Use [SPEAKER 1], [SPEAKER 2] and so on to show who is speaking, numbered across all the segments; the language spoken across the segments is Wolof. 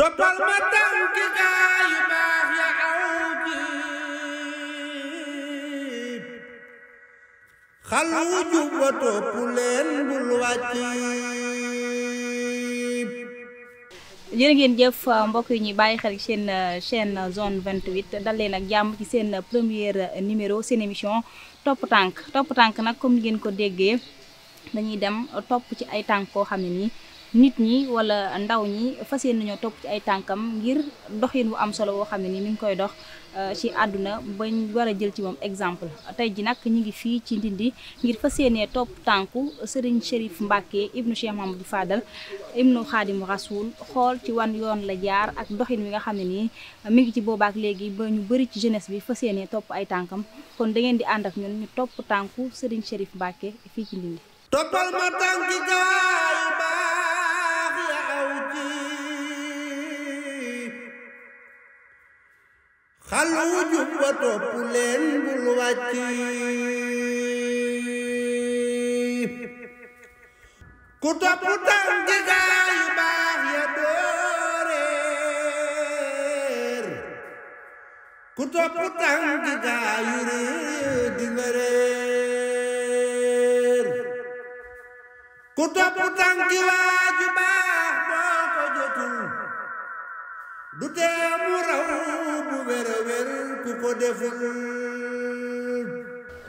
[SPEAKER 1] toppal ma tànki gaa yu baax ya aw jiib xal wu topp leen bul wàcciib
[SPEAKER 2] jërë ngeen jëf mbokk yi ñuy bàyyi xel seen chaîne zone 28 dal leen ak jàmm ci seen première numéro seen émission topp tànk topp tànk nag comme ni ngeen ko déggee dañuy dem topp ci ay tànk koo xam ne nii nit ñi walla ndaw ñi fas yéene nañoo topp ci ay tànkam ngir doxin wu am solo woo xam ne ni mi ngi koy dox euh, ci àdduna bañ war a jël ci moom exemple tey ji nag ñu ngi fii ci Ndindi ngir fas yéene topp tànku Serigne Chérif Mbacké ibnu Cheikh Mamadou Fadal ibnu Xaadim Rasoul xool ci wan yoon la jaar ak doxin wi nga xam ne nii mi ngi ci boobaak léegi ba ñu bëri ci jeunesse bi fas yéene topp ay tànkam kon dangeen di ànd ak ñun ñu topp tànku Serigne Chérif Mbacké fii ci Ndindi
[SPEAKER 1] toppal xal wu ku topp tànki gaa yu baax ya dooreer tun du tee raw bu wér a ko
[SPEAKER 2] deful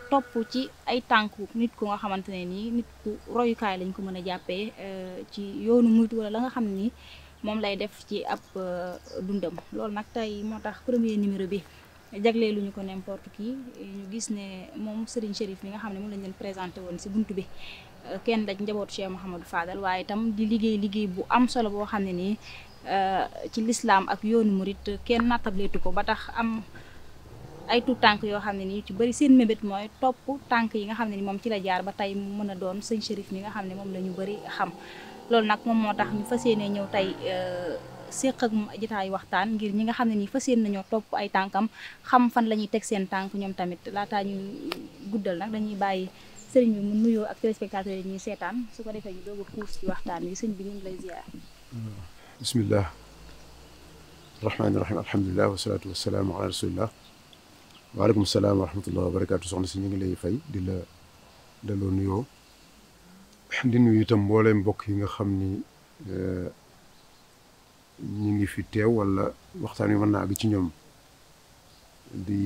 [SPEAKER 2] topp ci ay tànk nit ko nga xamante ne nii nit ku royukaay lañ ko mën a jàppee euh, ci yoonu muytu wala la nga xam ni moom lay def ci ab euh, dundam loolu nag tey moo tax premier numéro bi jaglee lu ñu ko n'importe kii ñu gis ne moom Serigne Chérif mi nga xam ne moom lañ leen présenté woon si buntu bi euh, kenn daj njabootu Cheikh Mouhamadou Fadal waaye itam liggéey liggéey bu am solo boo xam ne nii euh, ci lislaam ak yoonu murit kenn nattableetu ko ba tax am ay tànk yoo xam ne nii ci bëri seen mébét mooy topp tànk yi nga xam ne ni moom ci la jaar ba tey mu mën a doon sëñ Chérif mi nga xam ne moom la ñu bëri xam loolu nag moom moo tax ñu fas yéene ñëw tey euh, séq ak jotaay waxtaan ngir ñi nga xam ne nii fas yéene nañoo topp ay tànkam xam fan la ñuy teg seen tànk ñoom tamit laataa ñu guddal nag dañuy bàyyi sëriñ bi mu nuyoo ak téléspectateurs yi ñuy seetaan su ko defee ñu doog xuus ci waxtaan wi sëñ bi ñu ngi lay ziar.
[SPEAKER 3] bismillah rahmaani rahim alhamdulilah wasalaatu wasalaamu ala rasulillah waaleykum salaam wa rahmatullah wa barakaatu soxna si ñu ngi lay fay di la delloo nuyu itam mbooleem mbokk yi nga xam ni eh, ñu ngi fi teew walla waxtaan wi mën naa àgg ci ñoom di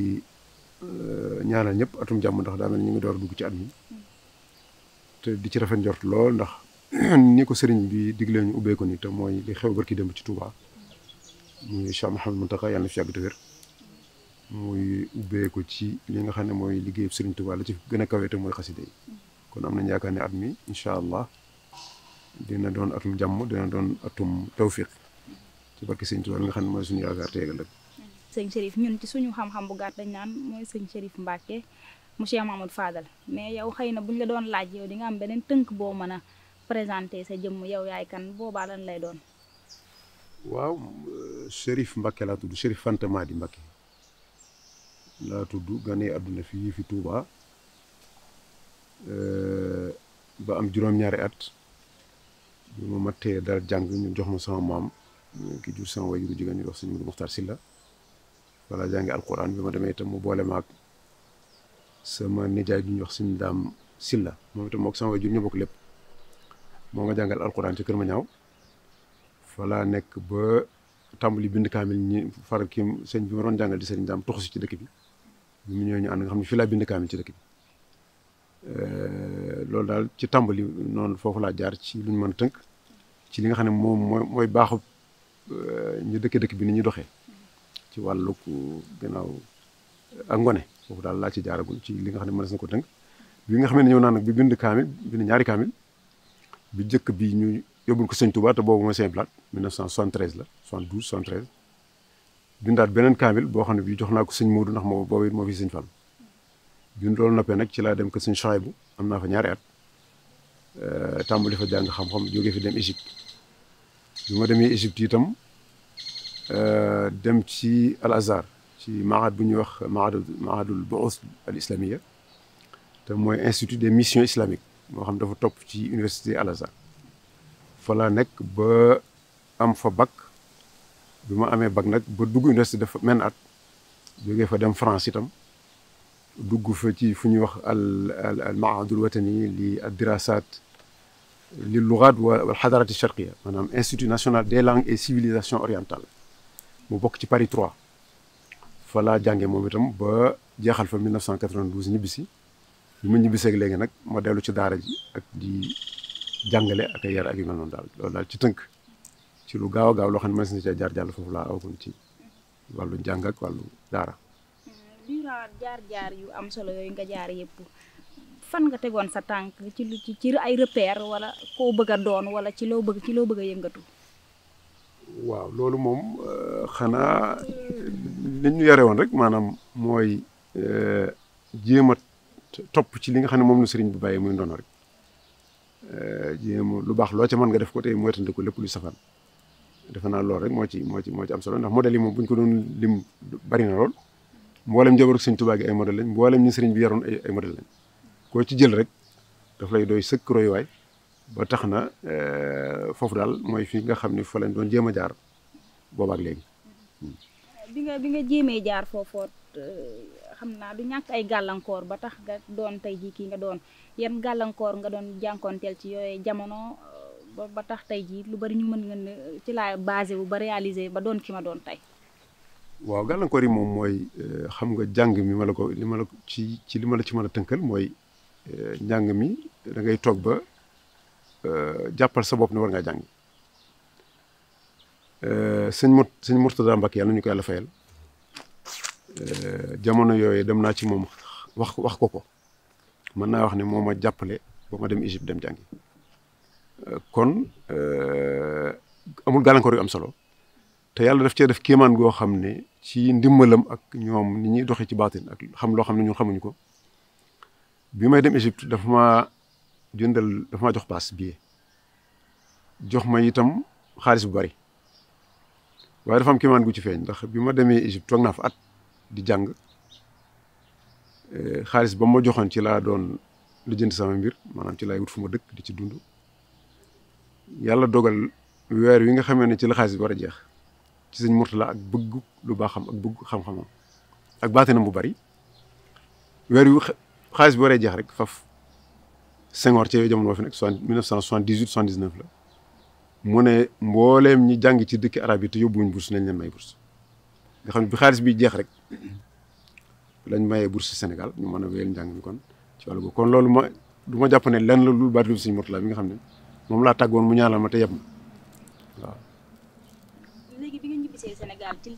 [SPEAKER 3] euh, ñaanal ñëpp atum jàmm ndax daal mel ñu ngi door dugg ci at mi te di ci rafet njort lool ndax ni ko sëriñ bi digle ñu ubbee ko ni te mooy li xew barki dem ci Touba muy Cheikh mu Mountakha yàlla na fi yàgg te wér muy ubbee ci li nga xam ne mooy liggéeyub sëriñ Touba la ci gën a kawee te mooy xasida kon am nañ yaakaar ni at mi incha allah dina doon atum jàmm dina doon atum tawfiq ci barke sëñ Tuubaa nga xam ne mooy suñu yaakaar teegal ak
[SPEAKER 2] sëñ Chérif ñun ci suñu xam-xam bu gàtt dañ naan mooy sëñ Chérif Mbacke mu Cheikh Mamadou Fadal mais yow xëy na bu ñu la doon laaj yow di nga am beneen tënk boo mën a présenté sa jëmm yow yaay kan boobaa lan lay doon
[SPEAKER 3] waaw Chérif Mbacke laa tudd Chérif Fanta Madi Mbacke laa tudd ganee àdduna fii fi Touba ba am juróom-ñaari at ñu ma mattee dara jàng ñu jox ma sama maam ki jur sama wajuru jigéen ñu dox sëñ Modou Mokhtar Sylla wala jàngi alquran bi ma demee itam mu boole maag sama nijaay ñuy wax sëñ Daam Sylla moom itam moog sama wajur ñu bokk lépp moo nga jàngal alquran ci kër ma ñaw fa laa nekk ba tàmbali bind kaamil ñi faral kii sëñ bi ma doon jàngal di sëñ Daam toxu ci dëkk bi bi mu ñëwee ñu ànd nga xam ne fii laa bind kaamil ci dëkk bi euh, loolu daal ci tàmbali noonu foofu laa jaar ci lu ñu mën a tënk ci li nga xam ne moom mooy baaxu Euh, ñu dëkk dëkk bi ni ñuy doxee ci wàllug gannaaw ak ngone foofu daal laa ci jaaragul ci li nga xam ne mënees na ko tënk bi nga xam ne ñëw naa nag bi bind kaamil bind ñaari kaamil bi njëkk bi ñu yóbbul ko sëñ Touba te boobu mooy Saint Blaat 1973 la 72 73 bindaat beneen kaamil boo xam ne bi jox naa ko sëñ Modou ndax moo boobu it moo fi sëñ Fall bi loolu noppee nag ci laa dem ko sëñ Chouaïbou am naa fa ñaari at euh, tàmbali fa jàng xam-xam jógee fi dem Égypte bi ma demee Égypte itam dem ci al azhar ci maad bu ñuy wax maadu maadul buus al islamia te mooy institut des missions islamiques moo xam dafa topp ci université al azhar fa laa nekk ba am fa bac bi ma amee bac nag ba dugg université dafa men at jógee fa dem France itam dugg fa ci fu ñuy wax al al maadul watani li ad dirasat lillugaat wal xadarat charqia maanaam institut national de langues et civilisation orientale mu bokk ci Paris 3 fa laa jànge moom itam ba jeexal fa 1992 ñibbisi bi ma ñibbiseeg léegi nag moo dellu ci daara ji ak di ak yar ak yu mel noon daal loolu daal ci tënk ci lu gaaw a gaaw loo xam ne mën na cee jaar jàll foofu laa awagoon ci wàllu jàng ak wàllu daara.
[SPEAKER 2] lii jaar jaar yu am solo yooyu nga jaar yëpp. fan nga tegoon sa tànk ci lu ci ci ay repère wala koo bëgg a doon wala ci loo bëgg ci loo bëgg a yëngatu.
[SPEAKER 3] waaw loolu moom euh, xanaa li ñu yore woon rek maanaam mooy euh, jéem a topp ci li nga xam ne moom la sëriñ bi bàyyee muy ndono rek euh, jéem lu baax loo ca mën nga def ko tey ko lépp lu safaan defe naa loolu rek moo ci moo ci moo ci am solo ndax modèle yi moom bu ñu ko doon lim bari na lool mboolem jabaru sëriñ Tuubaa gi ay modèle lañ mboolem ñi sëriñ bi yaroon ay ay modèle lañ. koo ci jël rek daf lay doy sëkk royuwaay ba tax na euh, foofu daal mooy fii nga xam ni fa lañ doon jéem a jaar boobaak léegi.
[SPEAKER 2] Hmm. bi nga bi nga jéemee jaar foofoot euh, xam naa du ñàkk ay gàllankoor ba tax nga doon tey jii kii nga doon yan gàllankoor nga doon jànkoon jànkoonteel ci yooyu jamono ba tax tey jii lu bari ñu mën nga ci laa basé wu ba réaliser ba doon ki ma doon tey.
[SPEAKER 3] waaw gàllankoor yi moom mooy euh, xam nga jàng mi ma la ko li ma la ci ci li ma la ci mën a tënkal mooy. Euh, njàng mi dangay toog ba euh, jàppal sa bopp ne war ngaa jàng euh, sëñ Mur sëñ Murtada Mbacke yàlla ñu koy yàlla fayal jamono yooyu dem naa ci moom wax wax ko ko mën naa wax ne moom ma jàppale boo ma dem Égypte dem jàngi kon amul gàllankoor yu am solo te yàlla daf cee def kéemaan goo xam ne ci ndimbalam ak ñoom ni ñuy doxee ci baatin ak xam loo xam ne ñun xamuñu ko. bi may dem Égypte dafa ma jëndal dafa ma jox paas billet jox ma itam xaalis bu bari waaye dafa am kéemaan gu ci feeñ ndax bi ma demee Égypte toog naa fa at di jàng eh, xaalis ba ma joxoon ci laa doon lu jënd sama mbir maanaam ci laay wut fu dëkk di ci dund yàlla dogal weer wi nga xamee ne ci la xaalis bi war a jeex ci sëñ Murtala ak bëgg lu baaxam ak bëgg xam-xamam ak baatinam bu bari weer wi xaalis bi waree jeex rek faf Senghor ci jamono boo fi nekk soixante mille neuf cent soixante dix huit soixante dix neuf la ñi jàng ci dëkki arab yi te yóbbuwuñ bourse nañ leen may nga xam bi xaalis bi jeex rek lañ mayee bourse Sénégal ñu mën a wéyal njàng kon ci wàllu loolu ma du ma jàpp ne lenn la lu baat lu Sëñ Murtala bi nga xam ne moom laa tàggoon mu ñaanal ma ma
[SPEAKER 4] waaw.
[SPEAKER 2] léegi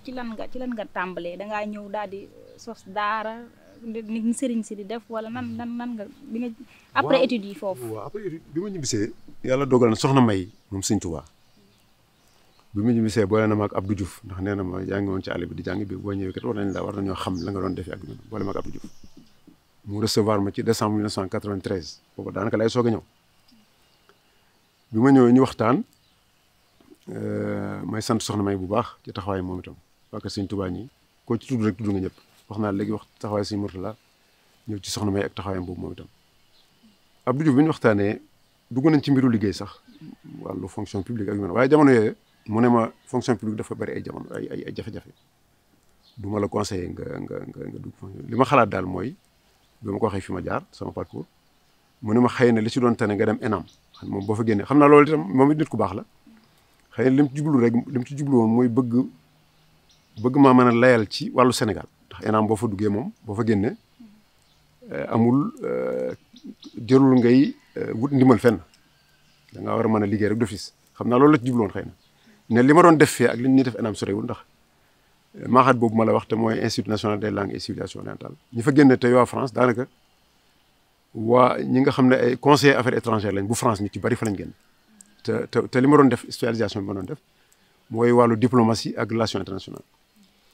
[SPEAKER 2] bi lan nga tàmbalee da ñëw daal di sos daara. ni sëriñ si di def wala nan hmm. nan nan nga bi nga. après études foofu. waaw
[SPEAKER 3] bi ma ñibbisee. yàlla dogal na soxna May moom sëñ Tuubaa bi ma ñibbisee boole na ma ak Abdou Diouf ndax nee na ma yaa woon ci àll bi di jàng bi boo ñëwee kat war nañ la nañoo xam nga doon defee ak ñun boole ma ak Abdou Diouf mu recevoir ma ci décembre 1993 boobu daanaka lay soog a ñëw bi ma ñëwee ñu waxtaan euh, may sant soxna May bu baax ci taxawaay moom itam waa kër sëñ Tuubaa ñi ko ci tudd rek tudd nga ñëpp. wax naa léegi wax taxawaay sëñ Mourtala ñëw ci soxna May ak taxawaayam boobu moom itam Abdou Diouf bi ñu waxtaanee dugg nañ ci mbiru liggéey sax wàllu fonction publique ak yu mel waaye jamono yooyu mu ne ma fonction publique dafa bari ay jamono ay ay ay jafe-jafe du ma la conseiller nga nga nga nga dugg fonction li ma xalaat daal mooy bi ma ko waxee fi ma jaar sama parcours mu ne ma xëy na li si doon tane nga dem ENAM xam moom boo fa génnee xam naa loolu itam moom it nit ku baax la xëy na li mu ci jublu rek li mu ci jublu woon mooy bëgg bëgg maa mën a layal ci wàllu Sénégal ENAM boo fa duggee moom boo fa génnee amul jërul ngay wut ndimbal fenn da ngaa war a mën a liggéey rek d'office xam naa loolu la ci jubloon xëy na ne li ma doon def fii ak li ñuy def ENAM sorewul ndax maaxaat boobu ma la wax te mooy institut national des langues et civilisation orientale ñi fa génne tey waa France daanaka waa ñi nga xam ne ay conseillers affaires étrangères lañ bu France ñu ci bari fa lañ génn te te te li ma doon def spécialisation bi ma doon def mooy wàllu diplomatie ak relation internationale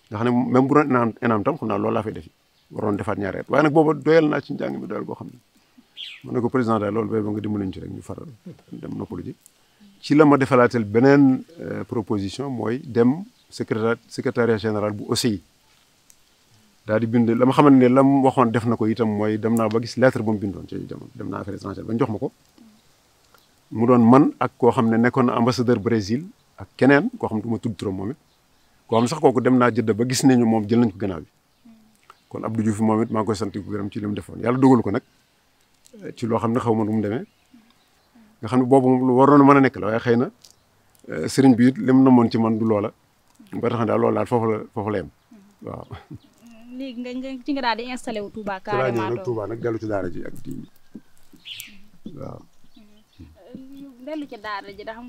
[SPEAKER 3] nga xam même bu doon ENAM ENAM tam xam naa loolu laa fay defi waroon defaat ñaari at waaye nag booba doyal naa ci njàng mi doyal ne ma ne ko président daal loolu bay ba nga ci rek ñu faral dem noppalu ji ci la ma defalaatal beneen euh, proposition mooy dem secrétaire secrétariat général bu OCI daal di bind la ma xamante ne la mu waxoon def na ko itam mooy dem naa ba gis lettre bu mu bindoon ci jamono dem naa affaire étrangère ba ñu jox ma ko mu doon man ak koo xam ne nekkoon na ambassadeur Brésil ak keneen koo xam ne ma tudd turam moom ko am sax kooku dem naa jëdd ba gis nañu moom jël nañ ko gannaaw bi kon Abdou Diouf moom it maa ngi koy sant ko gërëm ci li mu defoon yàlla dogal ko nag eh, ci loo xam ne xaw ma nu mu demee nga xam ne boobu lu waroon a mën a nekk la waaye xëy na eh, sëriñ bi it li mu namoon ci man du loola ba tax na daal loolu daal foofu la foofu la yem waaw.
[SPEAKER 2] léegi nga ci
[SPEAKER 3] daara ji ak waaw.
[SPEAKER 2] dellu ci daara ji da xam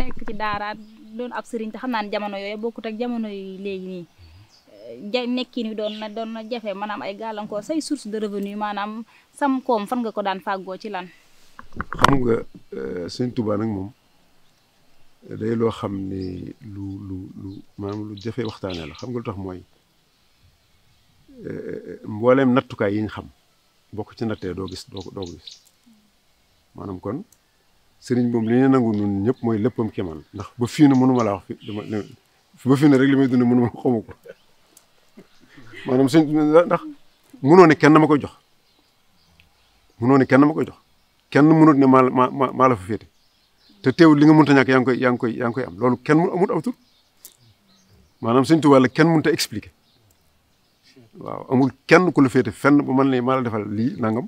[SPEAKER 2] nekk ci daara doon ab sëriñ te xam naa ne jamono yooyu bokkut ak jamono yi léegi nii ja nekkiin wi doon na doon na jafe maanaam ay gàllankoor say source de revenu maanaam sam koom fan nga ko daan fàggoo ci lan.
[SPEAKER 3] xam nga euh, sëñ Tuubaa moom loo xam ne lu lu lu maanaam lu jafe la xam nga lu tax mooy euh, mboolem nattukaay yi ñu xam bokk ci nattee doo gis doo ko kon. sëriñ moom li ñu nangu nun ñëpp mooy léppam kéemaan ndax ba fii na mënuma laa wax fi dama ba fii na rek li may dund mënuma xamu ko maanaam sëñ ndax mënoo ne kenn ma ko jox mënoo ne kenn ma ko jox kenn mënut ne maa ma ma maa féete te teewul li nga mënta ñàkk yaa ngi koy yaa koy yaa koy am loolu kenn mu amut aw tur maanaam sëñ Tuubaa kenn mënta expliquer waaw kenn ku la féete fenn bu man ne maa la defal lii nangam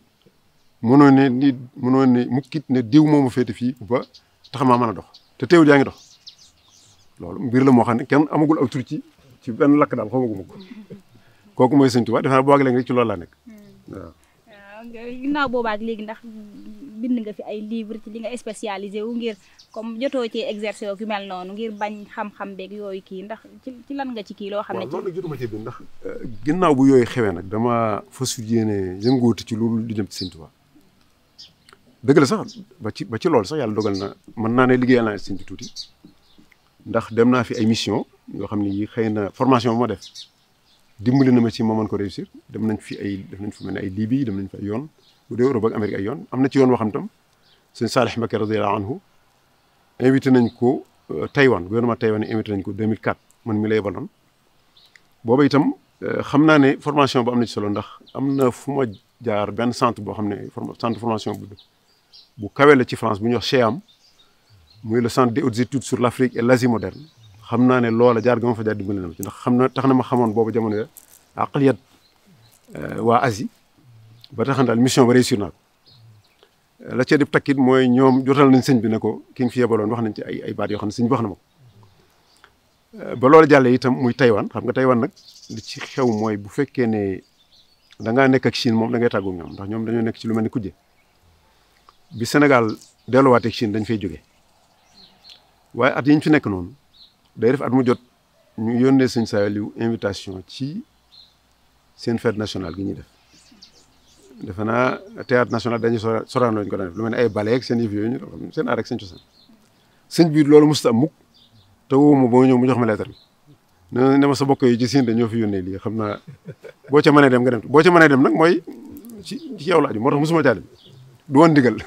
[SPEAKER 3] mënoo ne ni mënoo ne mukkit ne diw moomu féete fii ba tax maa mën a dox te teewul yaa ngi dox loolu mbir la moo xam ne kenn amagul aw tur ci ci benn lakk daal xamaguma ko kooku mooy Sëñ Tuubaa defe naa boo waag léegi ci loolu laa nekk
[SPEAKER 2] hmm. waaw ah, ginnaaw boobaak léegi ndax bind nga fi ay livre ci li nga wu ngir comme jotoo ci exercer wu mel noonu ngir bañ xam-xam beeg yooyu kii ndax ci lan nga ci kii loo xam ne loolu nag
[SPEAKER 3] jotuma ndax eh, ginnaaw bu yooyu xewee nag dama fas yéene yëngootu ci lu di jëm ci Sëñ Tuubaa dëgg la sax ba ci ba ci loolu sax yàlla dogal na mën naa ne liggéeyal naa sëñ tuuti ndax dem naa fi ay mission yoo xam ne yi xëy na formation bi ma def dimbali na ma ci moom man ko réussir dem nañ fi ay def nañ fu mel ne ay Libye dem nañ fi yoon bu dee Europe ay yoon am na ci yoon boo xam tam sëñ Saalix Mbakke radiyallaahu anhu invité nañ ko euh, Taïwan gouvernement Taïwan invité nañ ko 2004 man mi lay baloon booba itam euh, xam naa ne formation bu am na solo ndax am na fu ma jaar benn centre boo xam ne centre formation bu bu kawe la ci France bu ñuy wax CEAM muy le centre des hautes études sur l' Afrique et l' Asie moderne xam naa ne loola jaar ga ma fa jaar dimbali na ma ci ndax xam na tax na ma xamoon boobu jamono ya aqliyat euh, waa Asie ba tax na daal mission ba réussir naa ko la cee di takkit mooy ñoom jotal nañ sëñ bi ne ko ki nga fi yebaloon wax nañ ci ay ay baat yoo xam ne sëñ bi wax na ma ko euh, ba loolu jàllee itam muy Taïwan xam nga Taïwan nag li ci xew mooy bu fekkee ne da ngaa nekk ak Chine moom da ngay ndax ñoom dañoo nekk ci lu mel ni kujje bi Sénégal delluwaatee Chine dañ fay jóge waaye at yi ñu fi nekk noonu day def at mu jot ñu yónnee sëñ Saliou invitation ci seen fête national gi ñuy def defe naa théâtre national dañuy soraan lañu ko daan def lu mel ne ay ballet ak seen yëf yooyu ñu doon seen aar ak seen cosaan loolu mosut am mukk te woo boo ñëw mu jox ma lettre bi na ma sa bokk yi ci Chine dañoo fi yónnee lii xam naa boo ca mënee dem nga dem boo ca mënee dem nag mooy ci ci yow la aju moo tax mosuma caa dem du woon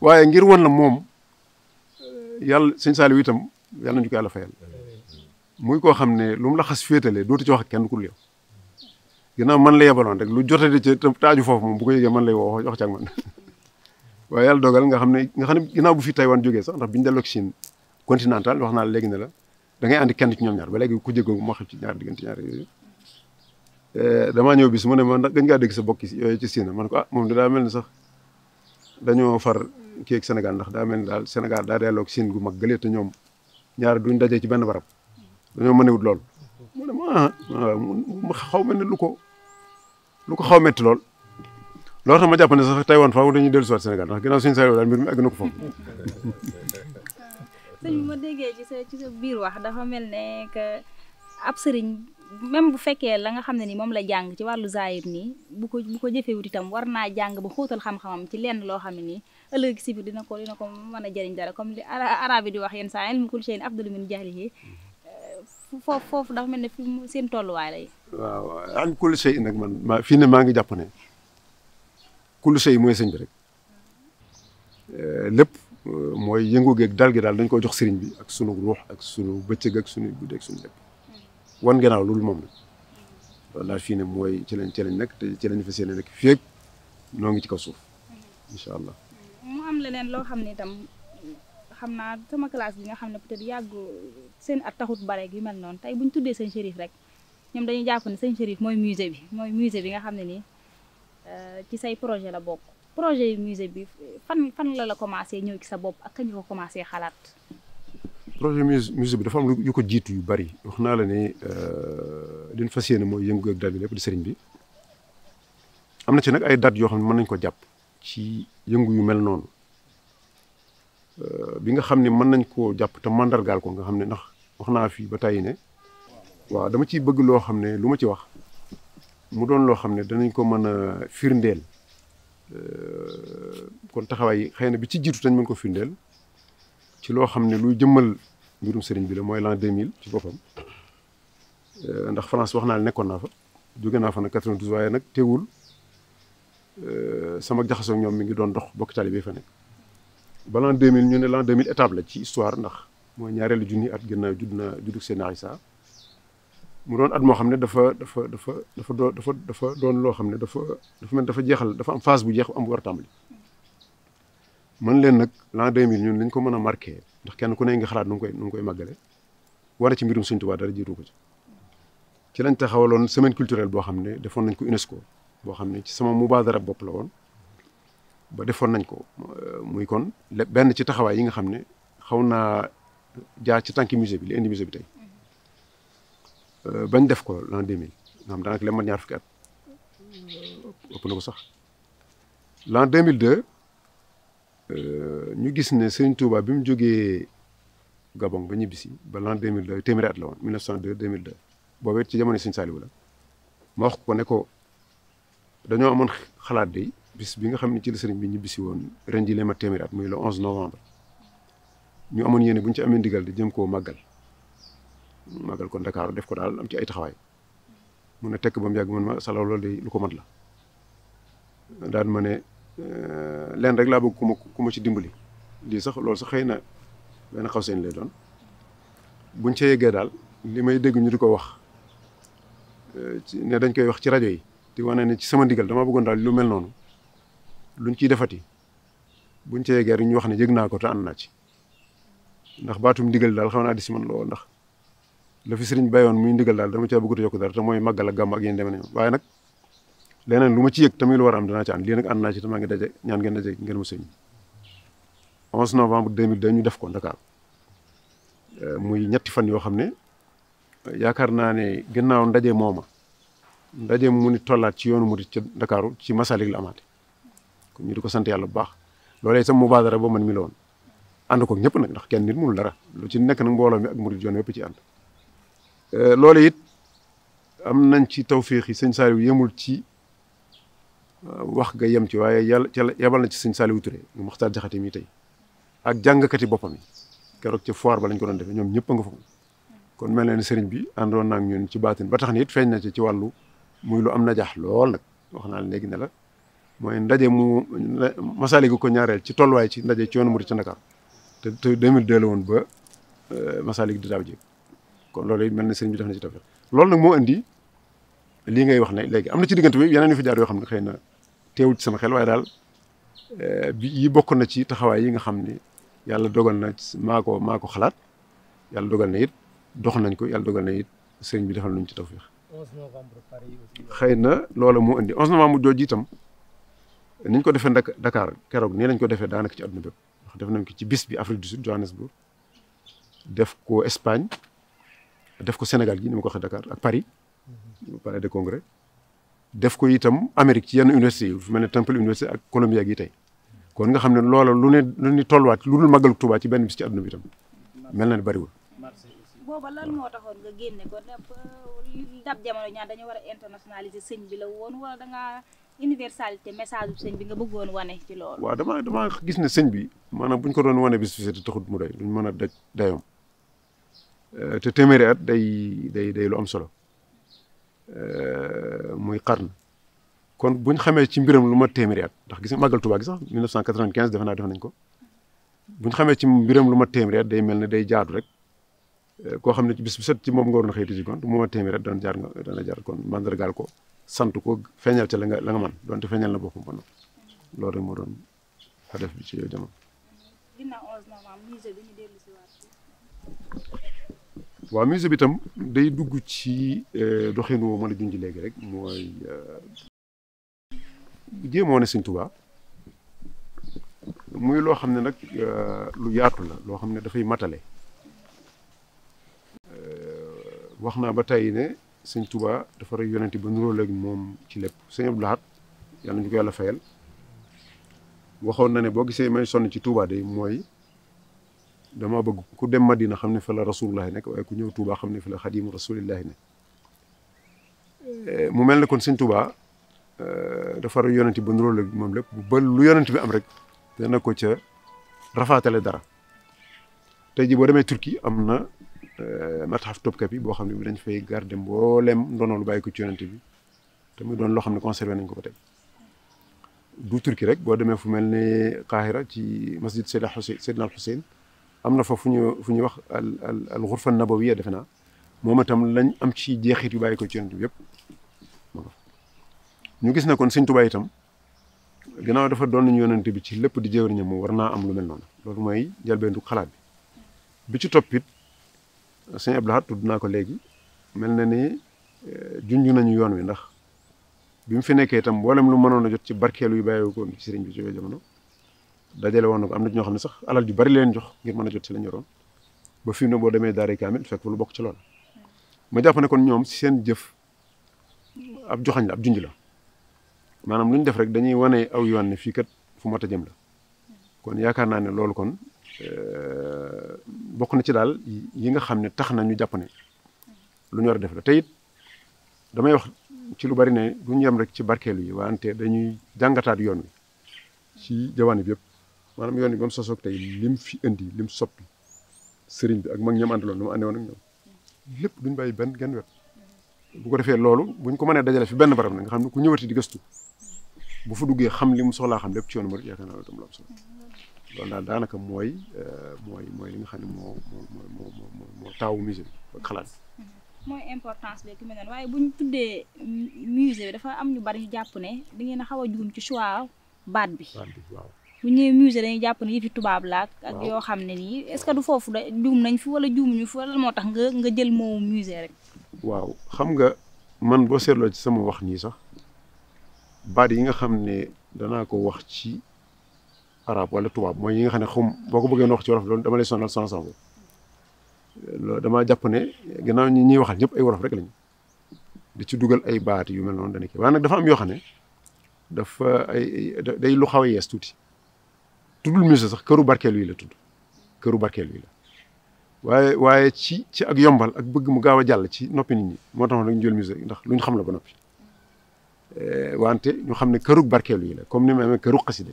[SPEAKER 3] waaye ngir wan la moom yàlla sëñ Saaliw itam yàlla nañu ko yàlla fayal muy koo xam ne lu mu la xas féetalee dootu ci wax ak kenn ku yow ginnaaw man la yebaloon rek lu jotati ci taaju foofu moom bu ko yëgee man lay wax wax ci ak man waaye yàlla dogal nga xam ne nga xam ne ginnaaw bu fi Taïwan jógee sax ndax bi ñu delloo Chine wax naa la léegi ne la da ngay kenn ci ñoom ñaar ba léegi ku jéggoo moo xam ci ñaar diggante ñaar yooyu eh, damaa ñëw bis ma ndax gañ ngaa dégg sa bokk yooyu ci Chine man ko ah, moom da daa ni sax dañoo far kii ak ndax daa mel ni daal Sénégal daa delloo ak Siin gu mag gële te ñoom ñaar duñ dajee ci benn barab dañoo mënewut lool. mu ah, mu xaw ma ne lu ko lu ko xaw metti lool loo tax ma jàpp ne sax tey woon faaw dañuy dellu si waat Sénégal ndax ginnaaw suñu saa yoo daal mbir mi egg na ko
[SPEAKER 4] foofu.
[SPEAKER 2] sëñ ma déggee ci sa biir wax dafa mel ne que ab sëriñ même bu fekkee la nga xam ne ni moom la jàng ci wàllu zaayir nii bu ko bu ko jëfewut itam war naa jàng ba xóotal xam-xamam ci lenn loo xam ne nii ëllëg si biir dina ko dina ko mën a jëriñ dara comme li arabe yi di wax yenn saa ilmu kulli shay'in afdalu min jahlihi eh, foofu foofu dafa mel ne fi mu seen tolluwaay lay.
[SPEAKER 3] waaw waaw an kulli shay'in nag man fii ne maa ngi jàpp ne kulli shay'in mooy sëñ bi rek eh, lépp. Eh, mooy yëngu geeg dal gi daal dañ ko jox sëriñ bi ak sunu ruux ak sunu bëccëg ak sunu guddi ak sunu lépp wan gannaaw loolu moom la loolu daal fii ne mooy ci lañ ci lañ nekk te ci lañ fas yéene nekk fii ak ngi ci kaw suuf incha allah.
[SPEAKER 2] mu am leneen loo xam ne itam xam naa sama classe bi nga xam ne peut-être yàgg seen at taxut bare gi mel noonu tey bu tuddee sëñ Chérif rek ñoom dañuy jàpp ne sëñ Chérif mooy musée bi mooy musée bi nga xam ne nii euh, ci say projet la bokk projet musée bi fan fan la la commencé ñëw ci sa bopp ak kañ ko commencé xalaat.
[SPEAKER 3] projet musée bi dafa am yu ko jiitu yu bari wax naa la ne euh, liñ fas yéene mooy yëngu ak daal bi lépp di sëriñ bi am na ci nag ay date yoo xam ne mën nañ ko jàpp ci yëngu yu mel noonu euh, bi nga xam ne mën nañ koo jàpp te mandargaal ko nga xam ne ndax wax naa fii ba tàyyi ne waaw dama ciy bëgg loo xam ne lu ma ci wax mu doon loo xam ne danañ ko mën a firndeel euh, kon taxawaay xëy na bi ci jiitu dañ mën ko firndeel ci loo xam ne luy jëmmal mbirum sëriñ bi la mooy l'an 2000 ci boppam ndax France wax naa la nekkoon naa fa jóge naa fa nag 92 waaye nag teewul sama jaxasoo ñoom mi ngi doon dox bokk tali bi fa nekk ba l'an 2000 ñu ne l'an 2000 étape la ci histoire ndax mooy ñaareelu junni at gënnaaw judd naa juddug seen Isa mu doon at moo xam ne dafa dafa dafa dafa dafa dafa doon loo xam dafa dafa mel dafa jeexal dafa am phase bu jeex am war tàmbali man leen nag l'an 2000 ñun lañ ko mën a ndax kenn ku ne ngi xalaat nu ngi koy nu ngi koy màggale wala ci mbirum Sëñ Tuubaa dara jiitu ko ci ci lañ taxawaloon semaine culturel boo xam ne defoon nañ ko boo xam ne ci sama mubaadara bopp la woon defoon nañ ko muy kon benn ci taxawaay yi nga xam ne xaw naa jaar ci tànki musée bi la indi musée bi tey bañ def ko l'an 2000 nga xam daanaka li mat ñaar fukki at ëpp na ko sax l'an 2002 Euh, ñu gis ne Serigne Touba bi mu jógee Gabon ba ñibbisi ba l'an 2002 téeméeri at la woon 1902 2002 boobu it ci jamono Serigne Saliou la ma wax ko ne dañoo amoon xalaat de bis bi nga xam ne ci la sëriñ bi ñibbisi woon ren ji lee ma téeméeri at muy le 11 novembre ñu amoon yéene bu ñu ci amee ndigal di jëm koo màggal màggal ko Ndakaaru def ko daal am ci ay taxawaay mun na tekk ba mu yàgg man ma salaw loolu de lu ko mat la daan ma ne Euh, lenn rek laa bëgg ku ma ci dimbali lii sax loolu sax xëy na benn xaw seen lay doon buñ ca yeggee daal li may dégg ñu di ko wax euh, ne dañ koy wax ci rajo yi di wane ne ci sama ndigal dama bëggoon daal lu mel noonu luñ ci defati buñ ca yeggee rek ñu wax ne yëg naa ko te ànd naa ci ndax baatum ndigal daal xam naa di si man lool ndax la fi sëriñ bayoon muy ndigal daal dama caa bëggut a yokk dara te mooy màggal ak gàmm ak yéen demee waaye nag leneen lu ma ci yëg tamit lu war am dinaa ci ànd lii nag ànd naa ci te maa ngi daje ñaan ngeen daje ngeen ma sëñ 11 novembre 2002 ñu def ko Dakar euh, muy ñetti fan yoo xam ne yaakaar naa ne gannaaw ndaje mooma ndaje mu ni tollaat ci yoonu murit ca Dakaaru ci Masalik la amaate kon ñu di ko sant yàlla bu baax loolee itam mubaadara boo man mi la woon ànd ko ñëpp nag ndax kenn nit mënul dara lu ci nekk nag mbooloo mi ak murit yoon yëpp ci ànd euh, loole it am nañ ci tawféex yi sëñ Saliou yemul ci wax nga yem ci waaye yàlla ca yebal na ci sëñ Saliou Touré mu Maxtaar Jaxate mi tey ak jàngkati boppam yi keroog ci foor ba lañ ko doon defee ñoom ñëpp a nga fa kon mel na ne sëriñ bi àndoon naa ak ci baatin ba tax na it na ci ci wàllu muy lu am na jaax lool nag wax naa léegi ne la mooy ndaje mu Masaalikul ko ñaareel ci tolluwaay ci ndaje ci yoonu Murid ci Ndakaar te te 2002 la woon ba euh, Masaalikul di daaw jéeg kon loolu yi mel na sëriñ bi def na ci tafet loolu nag moo indi lii ngay wax ne léegi am na ci diggante bi yeneen yu fi jaar yoo xam ne xëy na teewul ci sama xel waaye daal bi yi bokk na ci taxawaay yi nga xam ni yàlla dogal na maa ko maa ko xalaat yàlla dogal na it dox nañ ko yàlla dogal na it sëriñ bi defal nañ ci tawfiix xëy na loola moo indi 11 novembre jooju itam ni ñu ko defee nag Dakar keroog nii lañ ko defee daanaka ci àdduna bépp ndax def nañ ko ci bis bi Afrique du Sud Johannesburg def ko Espagne def ko Sénégal gi ni ma ko waxee Dakar ak Paris. pare de congrès. def ko itam amerique ci yenn université yi fu mel ne Temple université ak Columbia gi tey kon nga xam ne loolo lu ne lu ni tolluwaat lu dul màggalu Tuubaa ci benn bis ci àdduna bi itam
[SPEAKER 2] mel na ne bariwul. booba lan bi sëñ bi nga bëggoon wane ci loolu. waaw
[SPEAKER 3] damaa gis ne sëñ bi maanaam bu ñu ko doon wane bis bi taxut mu doy duñ mën a daj dayoom euh, te téeméeri at day day day lu am solo. Euh, muy xarn kon bu ñu xamee ci mbiram lu ma téeméeri at ndax gis nga màggal Tuubaa gi sax 1995 defe naa def nañ ko bu ñu xamee ci mbiram lu ma téeméeri at day mel ne day jaadu rek euh, koo xam ne ci bis set ci moom nga waroon xëy ci kon bu ma téeméeri at dana jaar nga dana jaar kon mandargaal ko sant ko feeñal ci la nga la nga mën feeñal na boppam ba loolu moo doon xadef bi ci yow jamono.
[SPEAKER 2] ginnaaw 11 novembre musée bi
[SPEAKER 3] waa musée bi itam day dugg ci euh, doxin woo mën a junj léegi rek mooy euh, jéemoo ne Sëñ Tuubaa muy loo xam ne nag euh, lu yaatu la loo xam ne dafay matale wax naa ba tey ne Sëñ Tuubaa dafa rey yonent ba nuróole ak moom ci lépp Sëñ Abdou Lahad yàlla ñu yàlla fayal waxoon na ne boo gisee may sonn ci Tuubaa day mooy dama bëgg ku dem Madina xam ne fa la rasulullah nekk waaye ku ñëw Touba xam ne fa la xadimu rasulillahi nekk mu mel ne kon sëñ Touba dafa yonent ba nuróo ak moom lépp ba lu yonent bi am rek dana ko ca rafaatale dara tey ji boo demee turki am na matxaf Topkapi boo xam ne bi dañ fay garder mboolem ndono lu bàyyi ko ci yonent bi te muy doon loo xam ne conservé nañ ko ba tey du turki rek boo demee fu mel ne Qahira ci masjid Seydina Hussein Seydina Hussein amna na fa fu ñu wax al ghurfa an-nabawiyya defena moma tam lañ am ci jeexit yu bayiko ci yonent bi yëpp ñu gis na kon sëñ Tuubaa itam gannaaw dafa doon ñu yonent bi ci lépp di jëwriñam moom war naa am lu mel non lolu moy jalbeentu xalaat bi bi ci topit sëñ Abdou Lahad tudd ko léegi mel ni junj nañu yoon wi ndax bi mu fi nekkee itam mboolem lu mënoon a jot ci barkeelu yu bàyyi ko ci sëriñ bi ci jamono dajale woon na am na ñoo xam ne sax alal ju bari leen jox ngir mën a jot ci lañ yoroon ba fi mu ne boo demee Daara Kaamil fekk lu bokk ci loolu ma jàpp kon ñoom si seen jëf ab joxañ la ab junj la maanaam lu ñu def rek dañuy wane aw yoon ne fii kat fu mot a jëm la kon yaakaar naa ne loolu kon euh, bokk na ci daal yi nga xam ne tax na ñu jàpp lu ñu war a def la teyit damay wax ci lu bari ne du ñu yem rek ci barkeelu yi wante dañuy jàngataat yoon wi ci jawaane bi maanaam yoon bi ba mu sosoog tey lim fi indi lim soppi sëriñ bi ak mag ñoom àndaloon nu ma àndewoon ak ñoom lépp duñ benn genn wet bu ko defee loolu buñ ko mënee dajale fi benn barab na nga xam ne ku ñëwati di gëstu bu fa duggee xam li mu soxlaa xam lépp ci yoonu murid yaakaar naa la tam lu am solo loolu daal daanaka mooy euh, mooy mooy li xam ne moo moo moo moo moo taawu musée bi ak xalaat
[SPEAKER 2] ñu tuddee musée bi dafa am ñu bari jàpp ne da a xaw a jugum ci choix baat bi. bu ñëwee musée dañuy jàpp ne yëfi tubaab la ak yoo xam ne nii est-ce que du foofu da juum nañ fi wala juumuñu fi wala moo tax nga nga jël moo musée rek.
[SPEAKER 3] waaw xam nga man boo seetloo ci sama wax nii sax baat yi nga xam ne danaa ko wax ci arab wala tubaab mooy yi nga xam ne xum boo ko bëggee wax ci wolof loolu dama lay san sans sens loolu damaa jàpp ne gannaaw ñi ñuy waxal ñëpp ay wolof rek lañu di ci dugal ay baat yu mel noonu dana kii waaye dafa am yoo xam ne dafa ay lu xaw a yees tuuti. tudul musa sax këru barkel wi la tudd këru barkel wi la waye waye ci ci ak yombal ak bëgg mu gawa jàll ci nopi nit ñi mo tax nak jël musa ndax luñ xam la ba nopi euh wante ñu xam ne kërug barkeelu yi la comme ni même amee këru xasida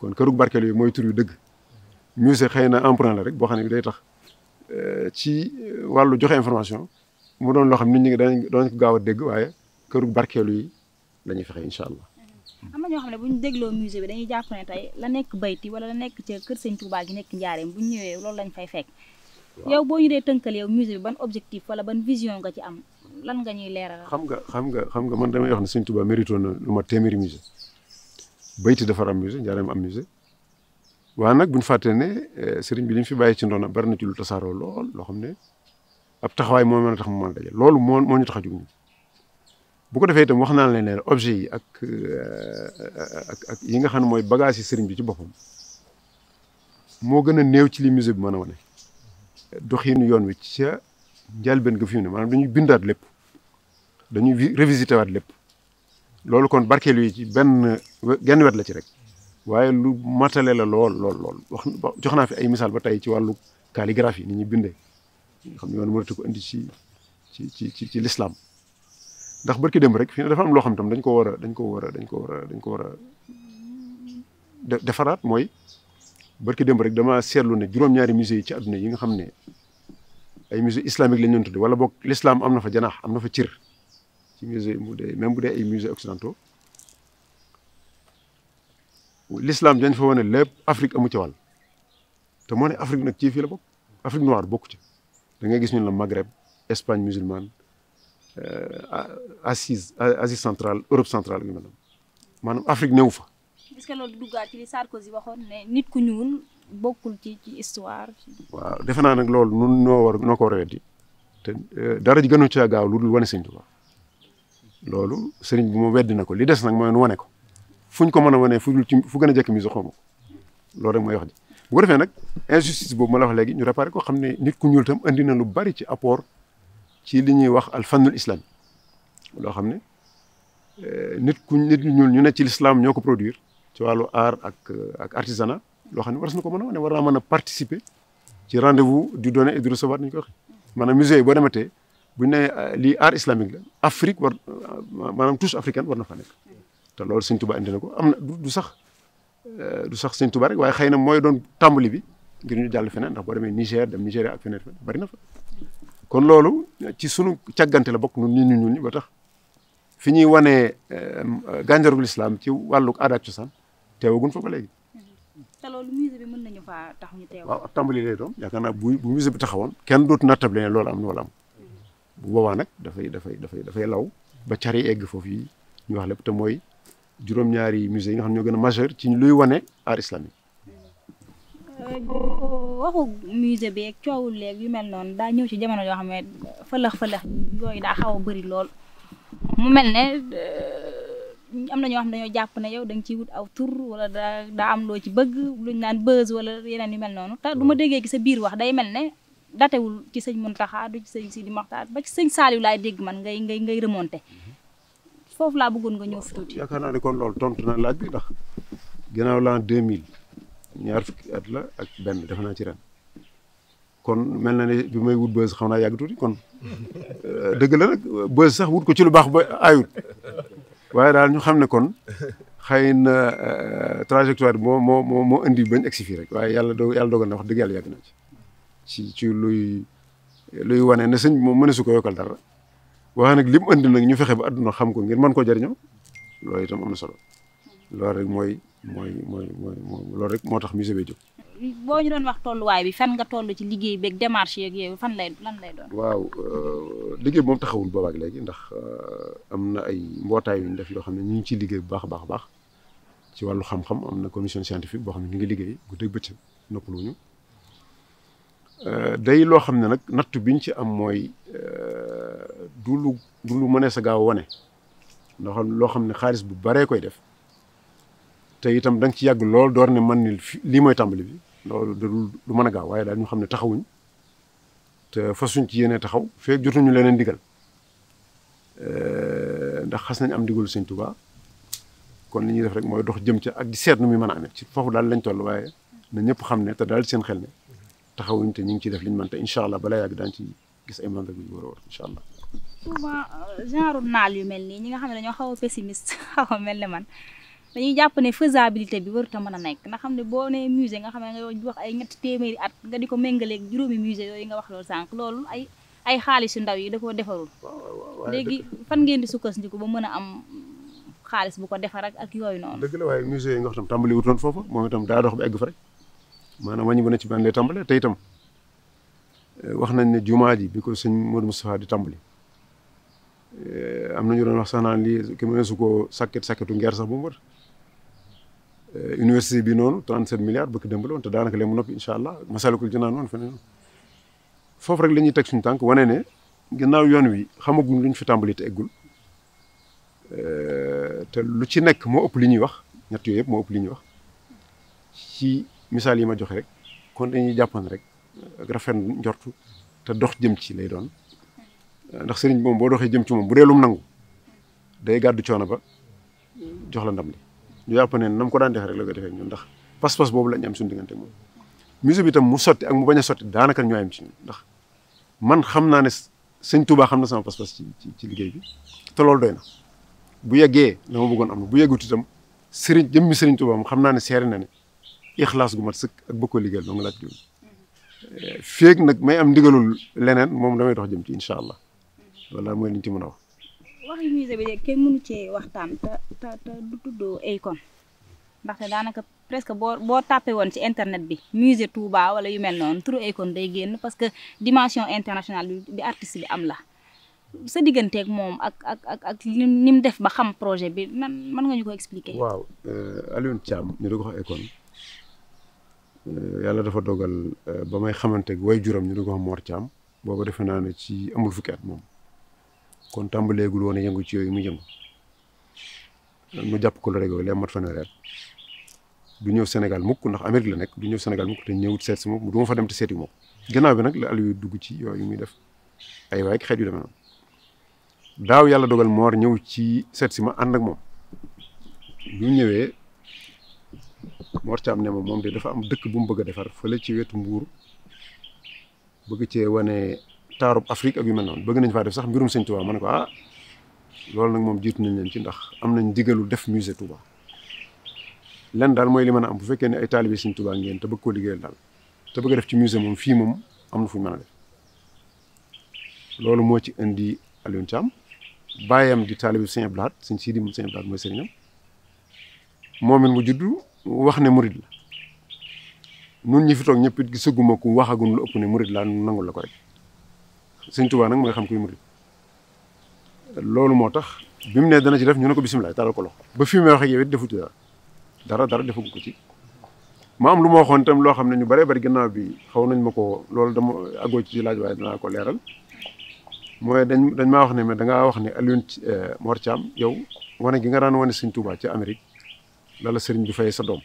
[SPEAKER 3] kon kërug barkel wi moy tur yu dëgg musa xeyna emprunt la rek bo xam day tax ci walu joxe information mu doon lo xam nit ñi dañ doon ko gaaw a dégg waaye kërug barkeelu yi la fexe inshallah
[SPEAKER 2] am na ñoo xam ne bu ñu dégloo musée bi dañuy jàpp ne tey la nekk bayti wala la nekk ca kër sëñ Touba gi nekk njaareem bu ñëwee loolu lañ fay fekk yow boo ñu dee tënkal yow musée bi ban objectif wala ban vision nga ci am lan nga ñuy leeral xam
[SPEAKER 3] nga xam nga xam nga man damay wax ne sëñ Touba mérito na lu ma téeméeri musée bayti dafa am musée njaareem am musée waa nag bu ñu fàtte ne eh, sëriñ bi li mu fi bàyyi ci ndoona bari na ci lu tasaaroo lool loo xam ne ab taxawaay moo mën a tax mu a loolu moo moo ñu bu ko defee itam wax naa leen ne objet yi ak euh, ak ak yi nga xam ne mooy bagage yi sëriñ bi ci boppam moo gën a néew ci li musée bi mën a wane doxiinu yoon wi ca njëlbeen ga fi mu ne maanaam bindaat lépp dañuy révisité waat lépp loolu kon barkeel yi ci benn genn wet la ci rek waaye lu matale la lool lool lool wax jox naa fi ay misaal ba tey ci wàllu calligraphie ni ñuy bindee nga xam ne yoon mënatu ko indi ci ci ci ci l'islam ndax barki demb rek fi ne dafa am loo xam tam dañ ko war a dañ ko war a ko war a dañ ko war a defaraat mooy barki dem rek dama seetlu ne juróom-ñaari musée yi ci adduna yi nga xam ne ay musée islamique lañ leen tudde wala bokk l'islam am na fa janaax am na fa cir ci musée mu dee même bu dee ay musée occidentaux l'islam dañ fa wane lépp Afrique amu ci wàll te moo ne Afrique nag ci fii la bokk Afrique noire bokku ci da ngay gis ñun la Maghreb Espagne musulmane Euh, assise Asie centrale Europe centrale gi maanaam maanaam Afrique néew fa.
[SPEAKER 2] est-ce que nit ku ñuul bokkul ci ci histoire.
[SPEAKER 3] defe naa nag loolu nun noo war noo ko war weddi euh, dara ji gënu caa gaaw lu dul wane Sëriñ Tuubaa loolu sëriñ bi mu weddi na ko li des nag mooy nu wane ko fu ñu ko mën a wane fu ci fu gën a jekk mi xaw ma loolu rek mooy wax ji bu ko defee nag injustice boobu ma la wax léegi ñu réparé ko xam ne nit ku ñuul tam andi na lu bari ci apport. ci li ñuy wax alfannul islam loo xam ne eh, nit ku nit ñu ñuul ñu ne ci l'islam ñoo ko produire ci wàllu art ak ak artisanat loo xam ne war na ko mën a wane war naa mën a participer ci rendez-vous du donner et du recevoir nañu ko waxee maanaam musée yi boo dematee bu ñu nee eh, lii art la Afrique war maanaam touche africaine war na fa nekk te loolu sëñ Touba ko am na du sax du sax eh, sëñ Touba rek waaye xëy na mooy doon tàmbali bi ngir ñu jàll feneen ndax boo demee Niger dem Nigéria ak feneen bari na fa. kon loolu ci sunu càggante la bokk ñun ñun ñun ñi ba tax fi ñuy wanee euh, gànjarul islam ci wàllu aada ak cosaan teewagun fa ba léegi.
[SPEAKER 2] te loolu musée bi mën tax ñu teew. waaw
[SPEAKER 3] tàmbali lay doon naa bu bu musée bi taxawoon kenn dootu nattable ne loolu am na wala am bu dafay dafay dafay dafay law ba cari egg foofu yi ñu wax lépp te mooy juróom-ñaari musée yi nga xam ñoo gën a majeur ci luy wane art islamique
[SPEAKER 2] waxu musée beeg coowul léeg yu mel noonu daa ñëw ci jamono yoo xam ne fëlëx fëlëx yooyu daa xaw a bëri lool mu mel ne euh, am na ñoo xam dañoo jàpp ne yow da nga ciy wut aw tur wala daa daa am loo ci bëgg luñ naan buzz wala yeneen yu mel noonu te du ma déggee ki sa biir wax day mel ne datewul ci sëñ Muntaxa du ci sëñ Sidi Moxtaar ba ci sëñ Saaliw laay dégg man ngay ngay ngay remonté mhm. foofu laa bëggoon nga ñëw fi tuuti. yaakaar
[SPEAKER 3] naa ne kon loolu tontu na laaj bi ndax ginnaaw l'an 2000 ñaar fukki at la ak benn def naa ci ren kon mel na ne bi may wut bës xam naa yàgg tuuti kon euh, dëgg la nag bës sax wut ko ci lu baax ba ayut waaye daal ñu xam ne kon xëy na euh, trajectoire moo moo moo indi bañ egsi fii rek waaye yàlla doo yàlla dogal na wax dëgg yàlla yàgg na ci ci ci luy luy wane ne sëñ moom mën su ko yokkal dara waaye nag li indi nag ñu fexe ba àdduna xam ko ngir mën koo jëriñoo loolu itam am na solo loolu rek mooy mooy mooy mooy loolu rek moo tax musée bi jóg.
[SPEAKER 2] boo ñu doon wax tolluwaay bi fan nga toll ci liggéey beeg démarche yeeg yooyu fan lay lan doon.
[SPEAKER 3] waaw euh, liggéey bi moom taxawul boobaak léegi ndax euh, am na ay mbootaay yu ñu def yoo xam ne ñu ngi ciy liggéey bu baax baax baax ci wàllu xam-xam am na commission scientifique boo xam ne ñu ngi liggéey guddeeg bëccëg noppaluñu euh, day loo xam ne nag nattu biñ ci am mooy du lu du lu mënees gaaw a wane ndax loo xam ne xaalis bu baree koy def. te itam dang ci yag lool door ne man li moy tàmbali bi lool du du mëna gaaw waye dañu xamné taxawuñ te fasuñ ci yéné taxaw fé feeg jotuñu leneen digal euh ndax xass nañ am digul sëñ touba kon li ñuy def rek moy dox jëm ci ak di sét nu mi mëna amé ci fofu dal lañ toll waye na ñëpp xamné te dal seen xel ne taxawuñ te ñu ngi ciy def liñ mën te incha allah balaa yàgg ci gis ay mandarga yu war a war
[SPEAKER 4] incha allah.
[SPEAKER 2] souvent genre naal yu melni ñi nga xamné dañu xaw pessimiste xaw melni man. dañuy jàpp ne faisabilité bi warut a mën a nekk nga xam ne boo nee musée nga xam ne nga wax ay ñetti téeméeri at nga di ko méngaleeg juróomi musée yooyu nga wax loolu sànq loolu ay ay xaalis yu ndaw yi da koo defarul. léegi fan ngeen di ko ba mën a am xaalis bu ko defar ak ak yooyu noonu.
[SPEAKER 3] dëgg la waaye musée tam tàmbali wutoon foofa moom itam daa dox ba egg fa rek maanaam wàññi bu ne ci ban lay tàmbalee te itam eh, wax nañ ne jumaa ji bi ko sëñ Modou Moustapha di tàmbali eh, am nañu doon wax sax naan lii ki su ko sakket sakketu ngeer sax bu Euh, université bi noonu 37 milliards bëgg démb la woon te daanaka lee mu noppi incha allah masalikul jinaan noonu feneen foofu rek la ñuy teg suñu tànk wanee ne ginnaaw yoon wi xamaguñ lu ñu fi tàmbali te eggul euh, te lu ci nekk moo ëpp li ñuy wax ñett yooyu yëpp moo ëpp li ñuy wax ci misaal yi ma joxe rek kon dañuy jàppan rek rafet njortu te dox jëm ci lay doon ndax sëriñ moom boo doxee jëm ci moom bu dee lum nangu day gàddu coono ba jox la ndam ñu yàpp na mu ko daan defee rek la ko defee ñun ndax pas-pas boobu la ñu am suñu diggante moom mu sotti ak mu bañ a sotti daanaka ñoo am ci ñun ndax man xam naa ne sëñ Touba xam na sama pas-pas ci liggéey bi te loolu doy na bu yeggee la ma bëggoon am na bu yeggut itam sëriñ jëmmi sëriñ Touba moom xam naa ne seere na ne ixlaas gu mat sëkk ak bëgg ko liggéeyal dong laaj jiw feeg nag may am ndigalul leneen moom damay dox jëm ci incha allah wala mooy liñ ci mën a wax
[SPEAKER 2] waxi musée bi de kenn mënu cee waxtaan te te du tuddoo Akon ndaxte daanaka presque boo boo tàppee woon ci internet bi musée Touba wala yu mel noonu turu Akon day génn parce que dimension internationale bi bi artiste bi am la sa digganteek moom ak ak ak ak ni mu def ba xam projet bi nan mën nga ñu ko expliquer.
[SPEAKER 3] waaw euh, Alioune Thiam ñu di ko wax Akon euh, yàlla dafa dogal euh, ba may xamante way juram ñu di ko wax Mor Thiam booba defe naa ne ci amul fukki at moom. kon tàmbaleegul woon a yëngu ci yooyu muy yëngu mu jàpp ko la rek lay mat fanweeri at du ñëw Sénégal mukk ndax Amérique la nekk du ñëw Sénégal mukk te ñëwut seet si moom du ma fa dem te seeti moom gannaaw bi nag la Aliou dugg ci yooyu muy def ay daaw yàlla dogal moor ñëw ci seet si ma ànd ak moom bu ñëwee moor ca am ne ma moom de dafa am dëkk bu mu bëgg a defar fële ci wetu mbuur bëgg cee wane taarub Afrique ak yu mel noonu bëgg nañ faa def sax mbirum sëñ Touba ma ne ko ah loolu nag moom jiit nañ leen ci ndax am nañ digalu def musée Touba lenn daal mooy li mën a am bu fekkee ne ay taalibe sëñ Touba ngeen te bëgg koo liggéeyal daal te bëgg def ci musée moom fii moom am na fu ñu mën a def loolu moo ci indi Alioune Thiam bàyyam di taalibe sëñ Abdou Lahad sëñ Sidi sëñ mooy sëriñam moom it mu juddu wax ne murid la nun ñi fi toog ñëpp it gisaguma ku waxagum lu ëpp ne murid laa nangul sëñ Tuubaa nag mooy xam kuy murit loolu moo tax bi mu ne dana ci def ñu ne ko bisimilah talal ko loxo ba fi may waxee ak yow it defu ci dara dara dara ko ci ma am lu ma waxoon itam loo xam ne ñu bëree bëri ginnaaw bi xaw nañ ma ko loolu dama àggoo ci laaj waaye danaa ko leeral mooy dañ dañ maa wax ne mais dangaa wax ne Alioune eh, Mor Thiam yow wane gi nga daan wane sëñ Tuubaa ci Amérique lala sëriñ bi fay sa doom